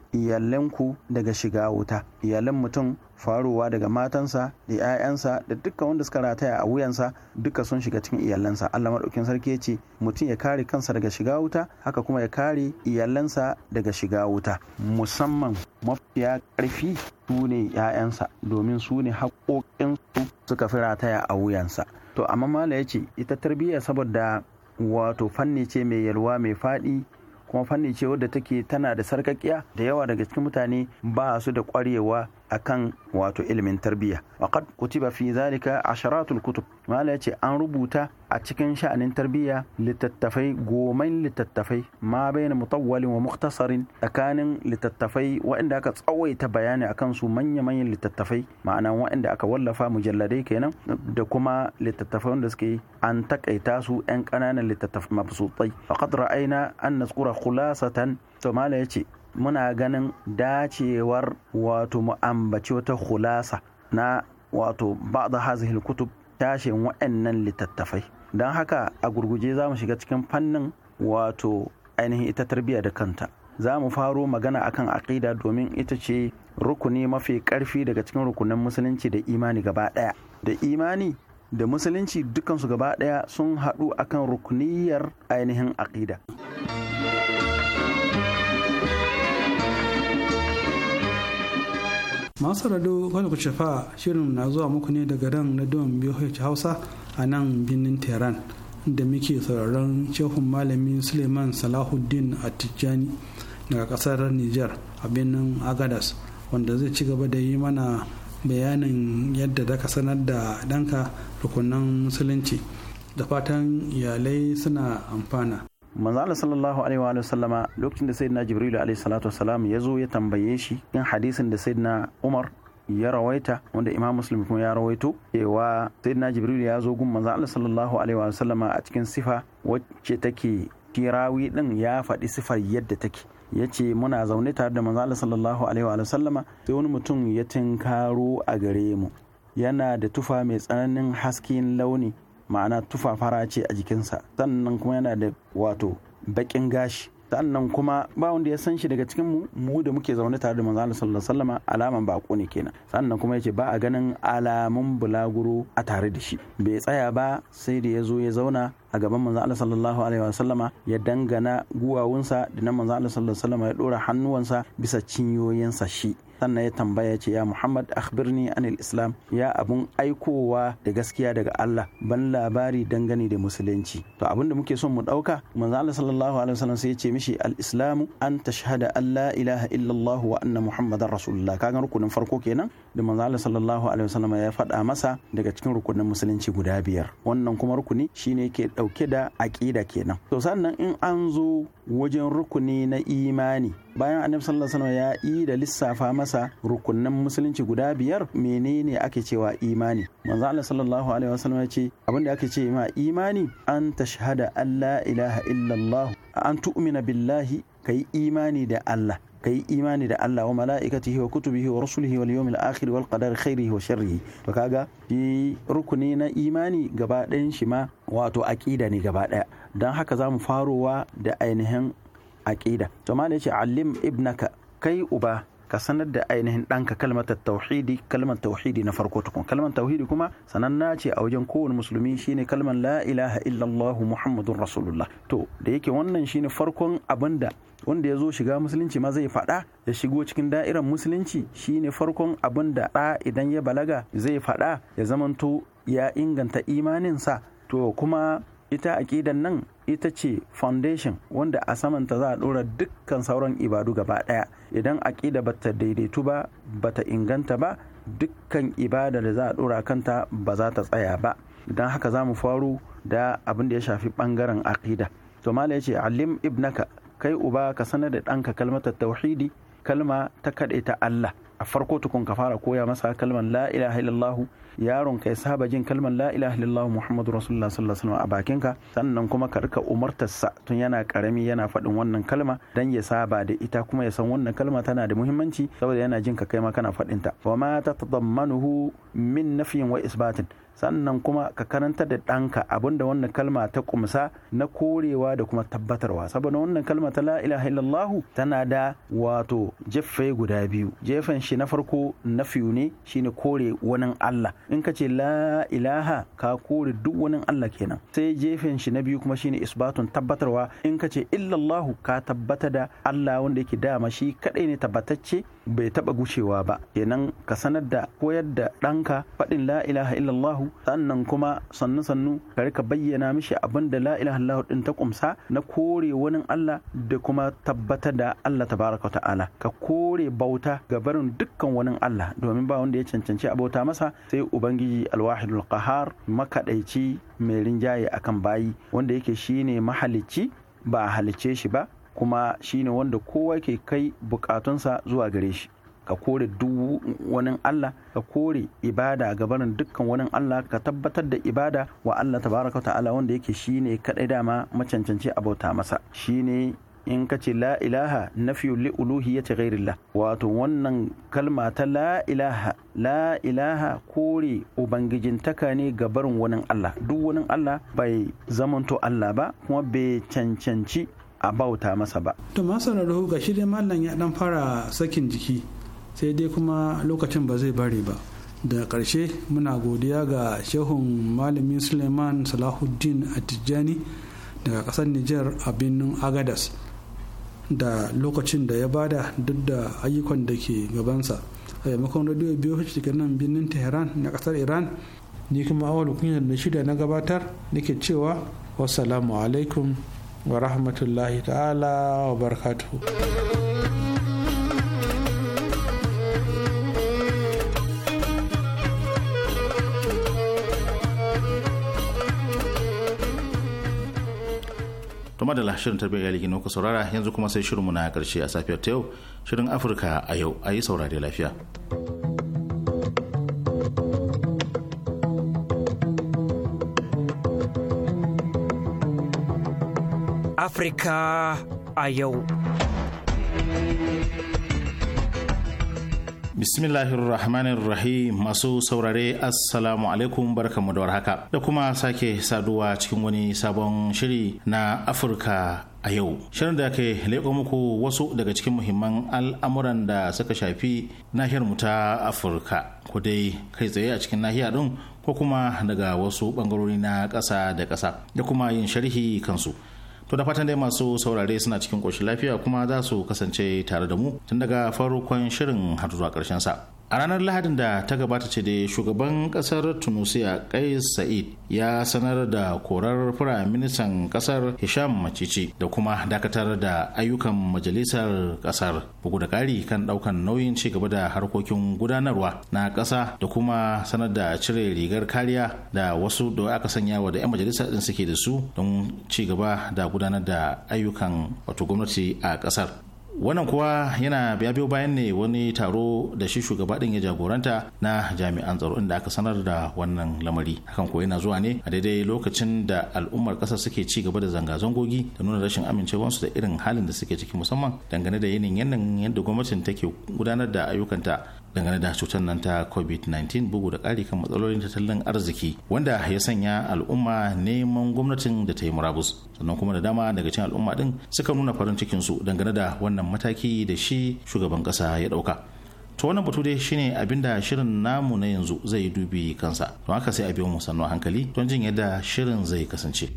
ku daga shiga wuta iyalan mutum farowa daga matansa da 'ya'yansa da dukkan wanda suka rataya a wuyansa duka sun shiga cikin iyalansa Allah maɗaukin sarki ya ce mutum ya kare kansa daga shiga wuta haka kuma ya kare iyalansa daga shiga wuta musamman mafiya ƙarfi su ne 'ya'yansa domin su ne haƙoƙinsu suka fi rataya a wuyansa to amma mala ya ce ita tarbiyya saboda wato fanni ce mai yalwa mai faɗi kuma fanni ce wadda take tana da sarkakiya da yawa daga cikin mutane ba su da ƙwarewa akan wato ilimin tarbiyya wa qad kutiba fi zalika asharatul kutub mala yace an rubuta a cikin sha'anin tarbiyya littattafai goman litattafai ma mu mutawwalin wa muktasarin tsakanin litattafai waɗanda aka tsawaita bayani akan su manya-manyan litattafai ma'ana waɗanda aka wallafa mujalladai kenan da kuma littattafai wanda suke an takaita su 'yan ƙananan littattafai mabsutsai faqad ra'ayna an nazkura khulasatan to mala yace muna ganin dacewar wato mu'ambaci wata hulasa na wato ba'da hazihil kutub tashin wa'annan littattafai don haka a gurguje za mu shiga cikin fannin wato ainihin ita tarbiyya da kanta za mu faro magana akan aƙida domin ita ce rukuni mafi ƙarfi daga cikin rukunin musulunci da imani gaba ɗaya da imani da musulunci dukansu gaba ɗaya sun haɗu akan rukuniyar ainihin aƙida. masu rado kwanu ku shafa shirin na zuwa muku ne daga ran na don BOH Hausa a nan birnin Tehran da muke sauraron shehun malami Suleiman Salahuddin a Tijjani daga kasar Nijar a birnin Agadas wanda zai ci gaba da yi mana bayanin yadda daka sanar da ɗanka rukunan musulunci da fatan iyalai suna amfana. manzo Allah sallallahu alaihi wa sallama lokacin da sayyidina Jibril alaihi salatu wasalam ya zo ya tambaye shi in hadisin da sayyidina Umar ya rawaita wanda Imam Muslim kuma ya rawaito cewa sayyidina Jibril ya zo gun manzo Allah sallallahu alaihi wa sallama a cikin sifa wacce take kirawi din ya faɗi sifar yadda take ya ce muna zaune tare da manzo Allah sallallahu alaihi wa sallama sai wani mutum ya tinkaro a gare mu yana da tufa mai tsananin hasken launi ma'ana tufa fara ce a jikinsa sannan kuma yana da wato baƙin gashi sannan kuma ba wanda ya san shi daga cikin mu mu da muke zaune tare da manzo Allah sallallahu alaihi wasallam alaman bako ne kenan sannan kuma yace ba a ganin alamun bulaguro a tare da shi bai tsaya ba sai da ya zo ya zauna a gaban manzo Allah sallallahu alaihi wasallam ya dangana guwawunsa da nan manzo Allah sallallahu alaihi wasallam ya dora hannuwansa bisa cinyoyinsa shi sannan ya tambaya ce ya muhammad akhbirni anil islam ya abun aikowa da gaskiya daga allah ban labari dangane da musulunci to abin da muke son mu dauka manzo allah sallallahu alaihi wasallam sai ya ce mishi al islamu an tashhada an la ilaha illallah wa anna muhammadar rasulullah kaga rukunin farko kenan da manzo allah sallallahu alaihi wasallam ya faɗa masa daga cikin rukunin musulunci guda biyar wannan kuma rukuni shine yake dauke da aqida kenan to sannan in an zo wajen rukuni na imani bayan annabi sallallahu alaihi ya yi da lissafa masa rukunnan musulunci guda biyar menene ake cewa imani manzo Allah sallallahu alaihi wasallam ya ce abinda ake ce ma imani an tashhada alla ilaha illallah an tu'mina billahi kai imani da Allah kai imani da Allah wa mala'ikatihi wa kutubihi wa rusulihi wal yawmil akhir wal qadari khairihi wa sharrihi to kaga shi rukuni na imani gaba ɗayan shi ma wato aqida ne gaba ɗaya dan haka zamu farowa da ainihin aƙida to malam yace allim ibnaka kai uba ka sanar da ainihin ɗanka kalmar tauhidi kalmar tauhidi na farko tukun kalmar tauhidi kuma sananna ce a wajen kowane musulmi shine kalmar la ilaha illallah muhammadun rasulullah to da yake wannan shine farkon abin da wanda ya zo shiga musulunci ma zai faɗa ya shigo cikin da'irar musulunci shine farkon abin da ɗa idan ya balaga zai faɗa ya zamanto ya inganta imaninsa to kuma ita aƙidan nan ita ce foundation wanda a samanta za a ɗora dukkan sauran ibadu gaba ɗaya idan aƙida ba ta daidaitu ba ba ta inganta ba dukkan ibada da za a ɗora kanta ba za ta tsaya ba don haka za mu faru da abin da ya shafi ɓangaren aƙida to mala ya ce alim ibnaka kai uba ka sanar da ɗanka kalmatar tauhidi kalma ta kaɗaita Allah a farko tukun ka fara koya masa kalman la ilaha illallah yaron ka ya saba jin kalman la ilaha illallah muhammadu rasulullah sallallahu alaihi a bakin ka sannan kuma ka rika umartarsa tun yana karami yana faɗin wannan kalma dan ya saba da ita kuma ya san wannan kalma tana da muhimmanci saboda yana jin ka kai ma kana faɗin ta wa ma tatadammanuhu min nafyin wa isbatin sannan kuma ka karanta da ɗanka abinda wannan kalma ta kumsa na korewa da kuma tabbatarwa saboda wannan kalma ta la ilaha tana da wato jeffe guda biyu jefen shi na farko na nafiyu ne shine kore wani Allah in ka ce la ilaha ka kore duk wani Allah kenan sai jefen shi na biyu kuma shine isbatun tabbatarwa in ka ce illallahu ka tabbata da Allah wanda yake dama shi kadai ne tabbatacce bai taba gushewa ba kenan ka sanar da koyar da ɗanka faɗin la ilaha illallah sannan kuma sannu sannu ka rika bayyana mishi abin da la ilaha illallah din ta kumsa na kore wani Allah da kuma tabbatar da Allah tabaraka ta'ala ka kore bauta ga barin dukkan wani Allah domin ba wanda ya cancanci a bauta masa sai ubangiji alwahidul qahar makaɗaici mai rinjaye akan bayi wanda yake shine mahalicci ba a shi ba kuma shine wanda kowa ke kai bukatunsa zuwa gare shi ka kore duk wani Allah ka kore ibada ga barin dukkan wani Allah ka tabbatar da ibada wa Allah tabaraka ta'ala wanda yake shine kadai dama a abauta masa shine in ka ce la ilaha nafiyu li uluhiyyati ghairillah wato wannan kalma ta la ilaha la ilaha kore ubangijintaka ne ga barin wani Allah duk wani Allah bai zamanto Allah ba kuma bai cancanci a bauta masa ba to masu rahu ga shirin mallan ya dan fara sakin jiki sai dai kuma lokacin ba zai bare ba da ƙarshe muna godiya ga shehun malami suleiman salahuddin atijani daga ƙasar nijar a birnin agadas da lokacin da ya bada duk da ayyukan da ke gabansa a yamakon radiyo biyu daga nan birnin tehran na ƙasar iran ni kuma awal kunyar da shida na gabatar nake cewa wassalamu alaikum wa rahmatullahi ta'ala wa barkatu. kuma da shirin tarbiyyar iyali gina ku saurara yanzu kuma sai shirinmu na karshe a safiyar ta yau shirin afirka a yau a yi saurare lafiya. Afrika a yau. Bismillahirrahmanirrahim masu saurare assalamu alaikum barkamu da warhaka da kuma sake saduwa cikin wani sabon shiri na Afirka a yau. Shirin da ke leƙo muku wasu daga cikin muhimman al'amuran da suka shafi nahiyar mu ta Afirka. Ku dai kai tsaye a cikin nahiya ɗin ko kuma daga wasu ɓangarori na ƙasa da ƙasa da kuma yin sharhi kansu. To da fatan dai masu saurare suna cikin koshin lafiya kuma za su kasance tare da mu tun daga farkon shirin har zuwa ƙarshen sa. a ranar lahadin da ta gabata ce da shugaban kasar tunisia kais sa'id ya sanar da korar fura ministan kasar hisham macici da kuma dakatar da ayyukan majalisar kasar bugu da kari kan daukan nauyin cigaba da harkokin gudanarwa na kasa da kuma sanar da cire rigar kariya da wasu da aka sanya wa da 'yan majalisar din suke da su don cigaba da gudanar da ayyukan wato gwamnati a kasar wannan kuwa yana ya biyo bayan ne wani taro da shi shugaba din ya jagoranta na jami'an tsaro inda aka sanar da wannan lamari hakan ko yana zuwa ne a daidai lokacin da al'ummar kasa suke ci gaba da zanga-zangogi da nuna rashin amincewarsu da irin halin da suke ciki musamman dangane da yanayin yanayin yadda gwamnatin take gudanar da ayyukanta dangane da cutar nan ta covid-19 bugu da ƙari kan matsalolin tattalin arziki wanda ya sanya al'umma neman gwamnatin da ta yi murabus sannan kuma da dama daga cikin al'umma din suka nuna farin cikin su dangane da wannan mataki da shi shugaban kasa ya ɗauka to wannan batu dai shine abinda shirin namu na yanzu zai dubi kansa to haka sai a biyo mu sannu hankali don jin yadda shirin zai kasance.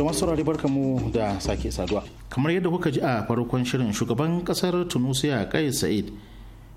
to masu saurari mu da sake saduwa kamar yadda kuka ji a farkon shirin shugaban kasar tunusiya kai sa'id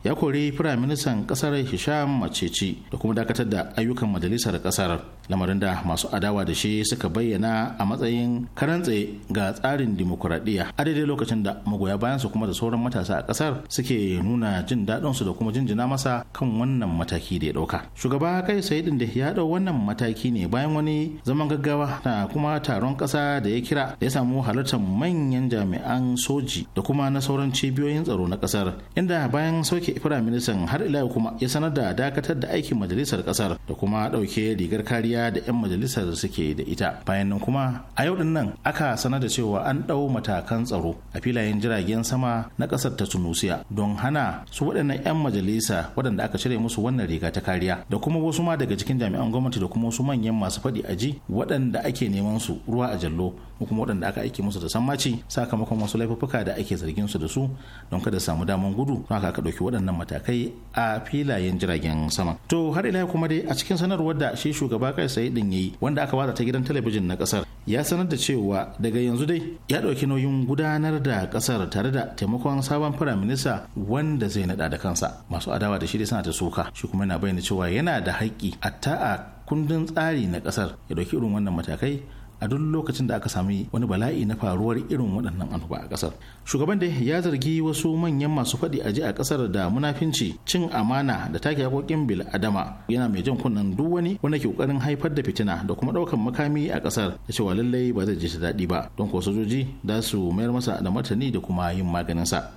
ya kori firaministan kasar hisham maceci da kuma dakatar da ayyukan majalisar kasar lamarin da masu adawa da shi suka bayyana a matsayin karantse ga tsarin dimokuraɗiyya a daidai lokacin da magoya bayan su kuma da sauran matasa a kasar suke nuna jin daɗin su da kuma jinjina masa kan wannan mataki da ya ɗauka shugaba kai din da ya ɗau wannan mataki ne bayan wani zaman gaggawa na kuma taron ƙasa da ya kira da ya samu halartar manyan jami'an soji da kuma na sauran cibiyoyin tsaro na kasar. inda bayan sauke. firayim ministan har ila kuma ya sanar da dakatar da aikin majalisar kasar da kuma dauke rigar kariya da 'yan majalisar da suke da ita bayan nan kuma a yau din nan aka sanar da cewa an dau matakan tsaro a filayen jiragen sama na kasar ta tunusiya don hana su waɗannan 'yan majalisa waɗanda aka cire musu wannan riga ta kariya da kuma wasu ma daga cikin jami'an gwamnati da kuma wasu manyan masu faɗi aji waɗanda ake neman su ruwa a jallo ko kuma waɗanda aka aike musu da sammaci sakamakon wasu laifuka da ake zargin su da su don kada samu damar gudu don haka aka ɗauki waɗannan matakai a filayen jiragen sama to har ila kuma dai a cikin sanarwar da shi shugaba kai sai din yayi wanda aka watsa ta gidan talabijin na kasar ya sanar da cewa daga yanzu dai ya ɗauki nauyin gudanar da ƙasar tare da taimakon sabon firaminista wanda zai naɗa da kansa masu adawa da shi dai suna ta suka shi kuma yana bayyana cewa yana da haƙƙi a ta'a kundin tsari na ƙasar ya ɗauki irin wannan matakai a duk lokacin da aka sami wani bala'i na faruwar irin waɗannan annoba a ƙasar shugaban da ya zargi wasu manyan masu faɗi a ji a ƙasar da munafinci cin amana da take haƙoƙin bil adama yana mai jan kunnen duk wani wanda ke ƙoƙarin haifar da fitina da kuma ɗaukan makami a ƙasar da cewa lallai ba zai ji daɗi ba don ko sojoji za su mayar masa da martani da kuma yin maganinsa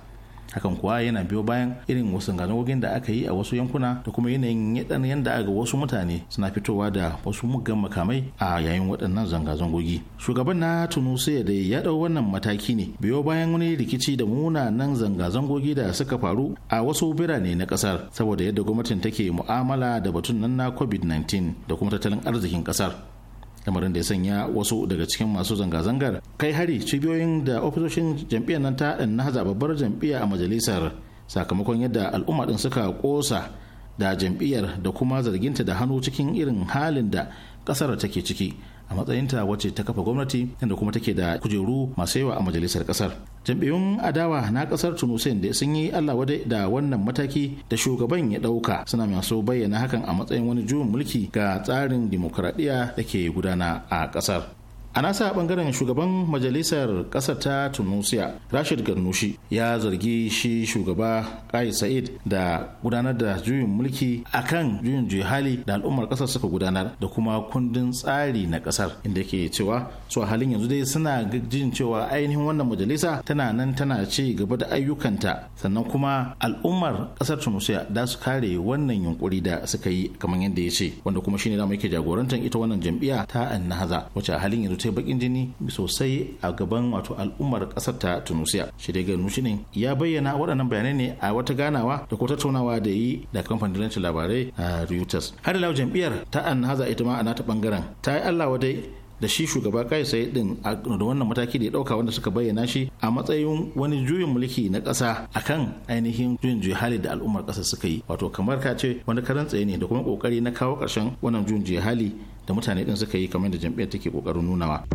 hakan kuwa yana biyo bayan irin wasu ganogogin da aka yi a wasu yankuna da kuma yanayin yadda aga wasu mutane suna fitowa da wasu muggan makamai a yayin waɗannan zanga-zangogi shugaban na tunusiya da ya ɗau wannan mataki ne biyo bayan wani rikici da munanan zanga-zangogi da suka faru a wasu birane na ƙasar saboda yadda gwamnatin take mu'amala da batun nan na covid-19 da kuma tattalin arzikin ƙasar lamarin da ya sanya wasu daga cikin masu zanga-zangar kai hari cibiyoyin da ofisoshin jam'iyyar nan ta na babbar jam'iyya a majalisar sakamakon yadda al'umma din suka kosa da jam'iyyar da kuma zarginta da hannu cikin irin halin da kasar take ciki a matsayinta wacce ta kafa gwamnati inda kuma take da kujeru masu yawa a majalisar kasar jam'iyyun adawa na kasar tunusin da sun yi allah wade da wannan mataki da shugaban ya dauka suna masu bayyana hakan a matsayin wani juyin mulki ga tsarin dimokuraɗiyya da ke gudana a kasar a nasa bangaren shugaban majalisar ƙasar ta tunisia rashid garnushi ya zargi shi shugaba kai sa'id da gudanar da juyin mulki a kan juyin jihali da al'ummar kasar suka gudanar da kuma kundin tsari na kasar inda ke cewa su a halin yanzu dai suna jin cewa ainihin wannan majalisa tana nan tana ci gaba da ayyukanta sannan kuma al'ummar kasar tunisia da su kare wannan yunkuri da suka yi kamar yadda ya ce wanda kuma shine da muke jagorantar ita wannan jam'iyya ta annahaza wacce halin yanzu kasance bakin jini sosai a gaban wato al'ummar kasar ta tunisia shirya ganu ne ya bayyana waɗannan bayanai ne a wata ganawa da ko tattaunawa da yi da kamfanin dalancin labarai a reuters har lau jam'iyyar ta an haza ita ma a nata bangaren ta yi allah wadai da shi shugaba kai sai din da wannan mataki da ya dauka wanda suka bayyana shi a matsayin wani juyin mulki na kasa akan ainihin juyin juyi hali da al'ummar kasa suka yi wato kamar ka ce wani karan tsaye ne da kuma kokari na kawo ƙarshen wannan juyin juyi hali da mutane din suka yi kamar da jam'iyyar take kokarin nunawa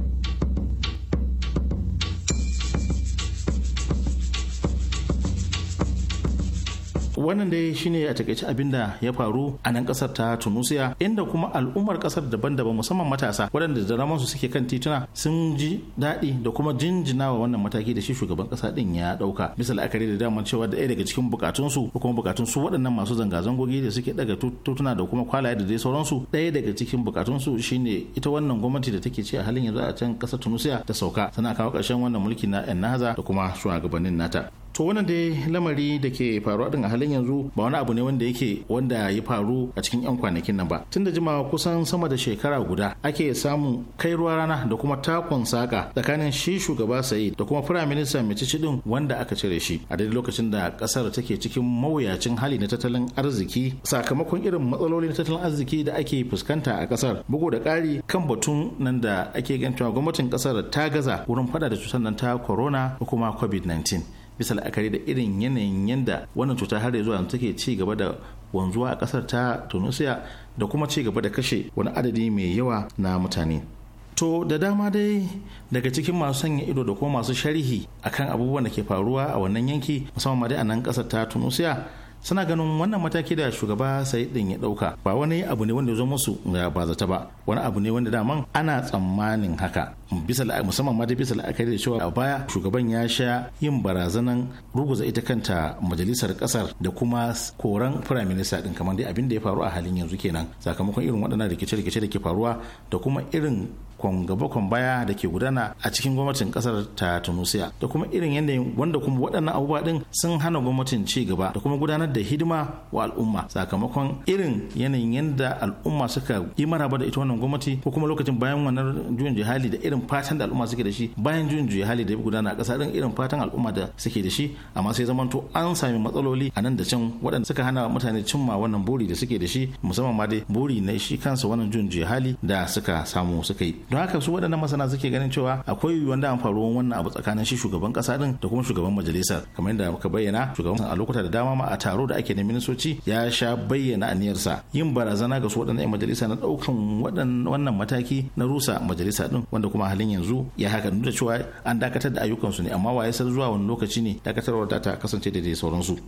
wannan dai shine a takaice abin da ya faru a nan kasar ta tunusiya inda kuma al'ummar kasar daban-daban musamman matasa waɗanda da su suke kan tituna sun ji daɗi da kuma jinjinawa wannan mataki da shi shugaban kasa din ya ɗauka misali la'akari da daman cewa da ɗaya daga cikin bukatunsu ko kuma su waɗannan masu zanga-zangogi da suke daga tutuna da kuma kwalaye da dai sauransu ɗaya daga cikin bukatunsu shine ita wannan gwamnati da take ce a halin yanzu a can kasar tunusiya ta sauka tana kawo ƙarshen wannan mulki na yan da kuma shugabannin nata to wannan dai lamari da ke faruwa din a halin yanzu ba wani abu ne wanda yake wanda ya faru a cikin yan kwanakin nan ba Tunda da jimawa kusan sama da shekara guda ake samun kai ruwa rana da kuma takon saka tsakanin shi shugaba sai da kuma firayim minista ci din wanda aka cire shi a daidai lokacin da kasar take cikin mawuyacin hali na tattalin arziki sakamakon irin matsaloli na tattalin arziki da ake fuskanta a kasar bugu da kari kan batun nan da ake gantawa gwamnatin kasar ta gaza wurin fada da cutar nan ta corona ko kuma covid-19 bisa la'akari da irin yanayin yadda wannan cuta har zuwa yanzu take ci gaba da wanzuwa a kasar ta tunisia da kuma ci gaba da kashe wani adadi mai yawa na mutane to da dama dai daga cikin masu sanya ido da kuma masu sharhi akan abubuwan da ke faruwa a wannan yanki musamman ma dai a nan kasar ta tunisia suna ganin wannan mataki da shugaba sai din ya dauka ba wani abu ne wanda ya zo musu ga zata ba wani abu ne wanda daman ana tsammanin haka bisa musamman ma da bisa la'akari da cewa a baya shugaban ya sha yin barazanan ruguza ita kanta majalisar kasar da kuma koran prime minister din kamar dai abin da ya faru a halin yanzu kenan sakamakon irin waɗannan rikice-rikice da ke faruwa da kuma irin kwan baya da ke gudana a cikin gwamnatin kasar ta tunisia da kuma irin yanayin wanda kuma waɗannan abubuwa din sun hana gwamnatin ci gaba da kuma gudanar da hidima wa al'umma sakamakon irin yanayin yadda al'umma suka yi maraba da ita wannan gwamnati ko kuma lokacin bayan wannan juyin hali da irin fatan da al'umma suke da shi bayan juyin hali da ya gudana a ƙasa din irin fatan al'umma da suke da shi amma sai zaman to an sami matsaloli a nan da can waɗanda suka hana mutane cimma wannan buri da suke da shi musamman ma dai buri na shi kansa wannan juyin hali da suka samu suka yi don haka su waɗannan masana suke ganin cewa akwai yiwuwar da ruwan wannan abu tsakanin shi shugaban kasa din da kuma shugaban majalisar kamar yadda muka bayyana shugaban a lokuta da dama ma a taro da ake na minisoci ya sha bayyana aniyarsa yin barazana ga su waɗannan majalisa na ɗaukan wannan mataki na rusa majalisa din wanda kuma halin yanzu ya haka nuna da cewa an dakatar da ayyukansu ne amma waye san zuwa wani lokaci ne dakatarwar ta kasance da dai sauransu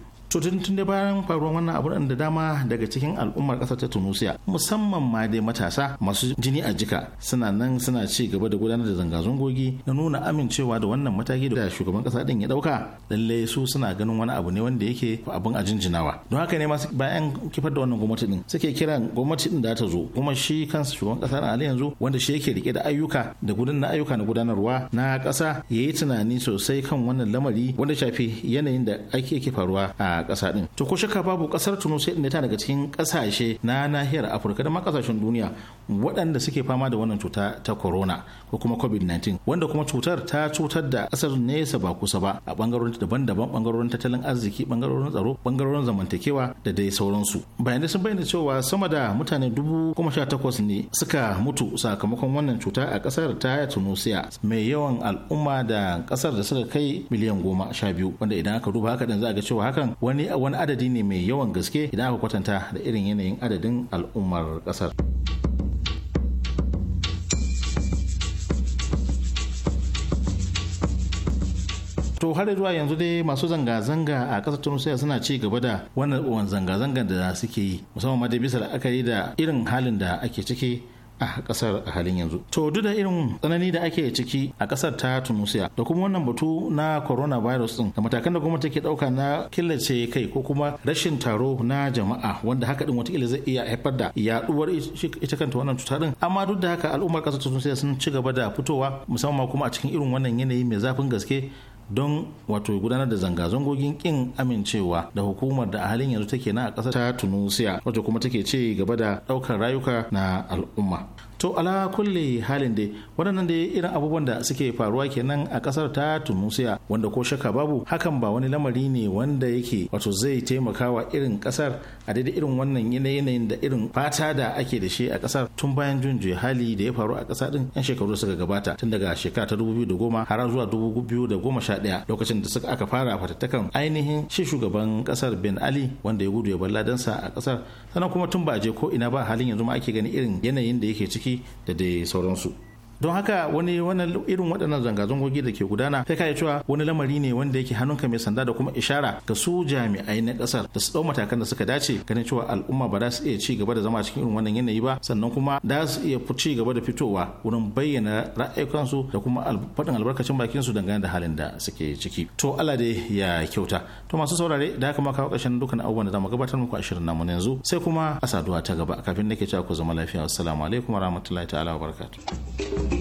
to tun da bayan faruwar wannan abu da dama daga cikin al'ummar kasar ta tunusiya musamman ma dai matasa masu jini a jika suna nan suna ci gaba da gudanar da zanga-zangogi na nuna amincewa da wannan mataki da shugaban kasa din ya dauka lalle su suna ganin wani abu ne wanda yake abin a jinjinawa don haka ne masu bayan kifar da wannan gwamnati din suke kiran gwamnati din da ta zo kuma shi kansa shugaban kasa a yanzu wanda shi yake rike da ayyuka da na ayyuka na gudanarwa na kasa yayi tunani sosai kan wannan lamari wanda shafi yanayin da ake ke faruwa a a din to ko shakka babu ƙasar tunusi din ta daga cikin ƙasashe na nahiyar afirka da ma ƙasashen duniya waɗanda suke fama da wannan cuta ta corona ko kuma covid-19 wanda kuma cutar ta cutar da ƙasar nesa ba kusa ba a bangarorin daban-daban bangarorin tattalin arziki bangarorin tsaro bangarorin zamantakewa da dai sauransu bayanai sun bayyana cewa sama da mutane dubu kuma sha takwas ne suka mutu sakamakon wannan cuta a kasar ta tunusiya mai yawan al'umma da kasar da suka kai miliyan goma sha biyu wanda idan aka duba haka din za a ga cewa hakan wani wani wani adadi ne mai yawan gaske idan aka kwatanta da irin yanayin adadin al'ummar kasar to har zuwa yanzu dai masu zanga-zanga a ƙasar tunisia suna ci gaba da wannan zanga-zangar da suke yi musamman ma dai bisa yi da irin halin da ake ciki a kasar a halin yanzu to duk da irin tsanani da ake ciki a kasar ta tunisia da kuma wannan batu na coronavirus din da matakan da gwamnati ke dauka na killace kai ko kuma rashin taro na jama'a wanda haka din watakila zai iya haifar da yaduwar ita kanta wannan cuta din amma duk da haka al'ummar kasar tunisia sun ci gaba da fitowa musamman kuma a cikin irin wannan yanayi mai zafin gaske don wato gudanar da zanga-zangogin kin amincewa da hukumar da a halin yanzu take na a ƙasar ta tunisia wato kuma take ce gaba da ɗaukar rayuka na al'umma to ala kulle halin dai waɗannan da irin abubuwan da suke faruwa kenan a ƙasar ta tunisia wanda ko shaka babu hakan ba wani lamari ne wanda yake wato zai taimaka wa irin ƙasar a daidai irin wannan yanayin da irin fata da ake da shi a ƙasar tun bayan jin hali da ya faru a ƙasa din yan shekaru da suka gabata tun daga shekara ta goma har zuwa sha ɗaya lokacin da suka aka fara fatattakan ainihin shi shugaban ƙasar ben ali wanda ya gudu ya balladansa a ƙasar sannan kuma tun ba je ko ina ba halin yanzu ma ake gani irin yanayin da yake ciki ciki da dai sauransu don haka wani wannan irin waɗannan zanga-zangogi da ke gudana sai ka cewa wani lamari ne wanda yake hannunka mai sanda da kuma ishara ga su jami'ai na ƙasar da su ɗau matakan da suka dace ganin cewa al'umma ba za su iya ci gaba da zama cikin irin wannan yanayi ba sannan kuma za su iya ci gaba da fitowa wurin bayyana ra'ayoyinsu da kuma faɗin albarkacin bakin su dangane da halin da suke ciki to Allah dai ya kyauta to masu saurare da haka kawo ƙarshen dukkan abubuwan da zamu gabatar muku a shirin namu yanzu sai kuma a saduwa ta gaba kafin nake cewa ku zama lafiya assalamu alaikum warahmatullahi ta'ala wabarakatuh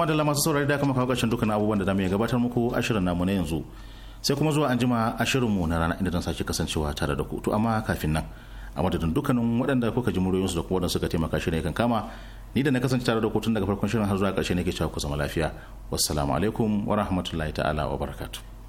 kuma da masu saurari da kuma kawo dukkan abubuwan da zamu iya gabatar muku a shirin namu na yanzu sai kuma zuwa anjima a shirinmu na rana inda zan sake kasancewa tare da ku to amma kafin nan a madadin dukkanin waɗanda kuka ji muryoyinsu da kuma waɗanda suka taimaka ne kan kama ni da na kasance tare da ku tun daga farkon shirin har zuwa ƙarshe ke cewa ku zama lafiya wassalamu alaikum wa rahmatullahi ta'ala wa barakatuh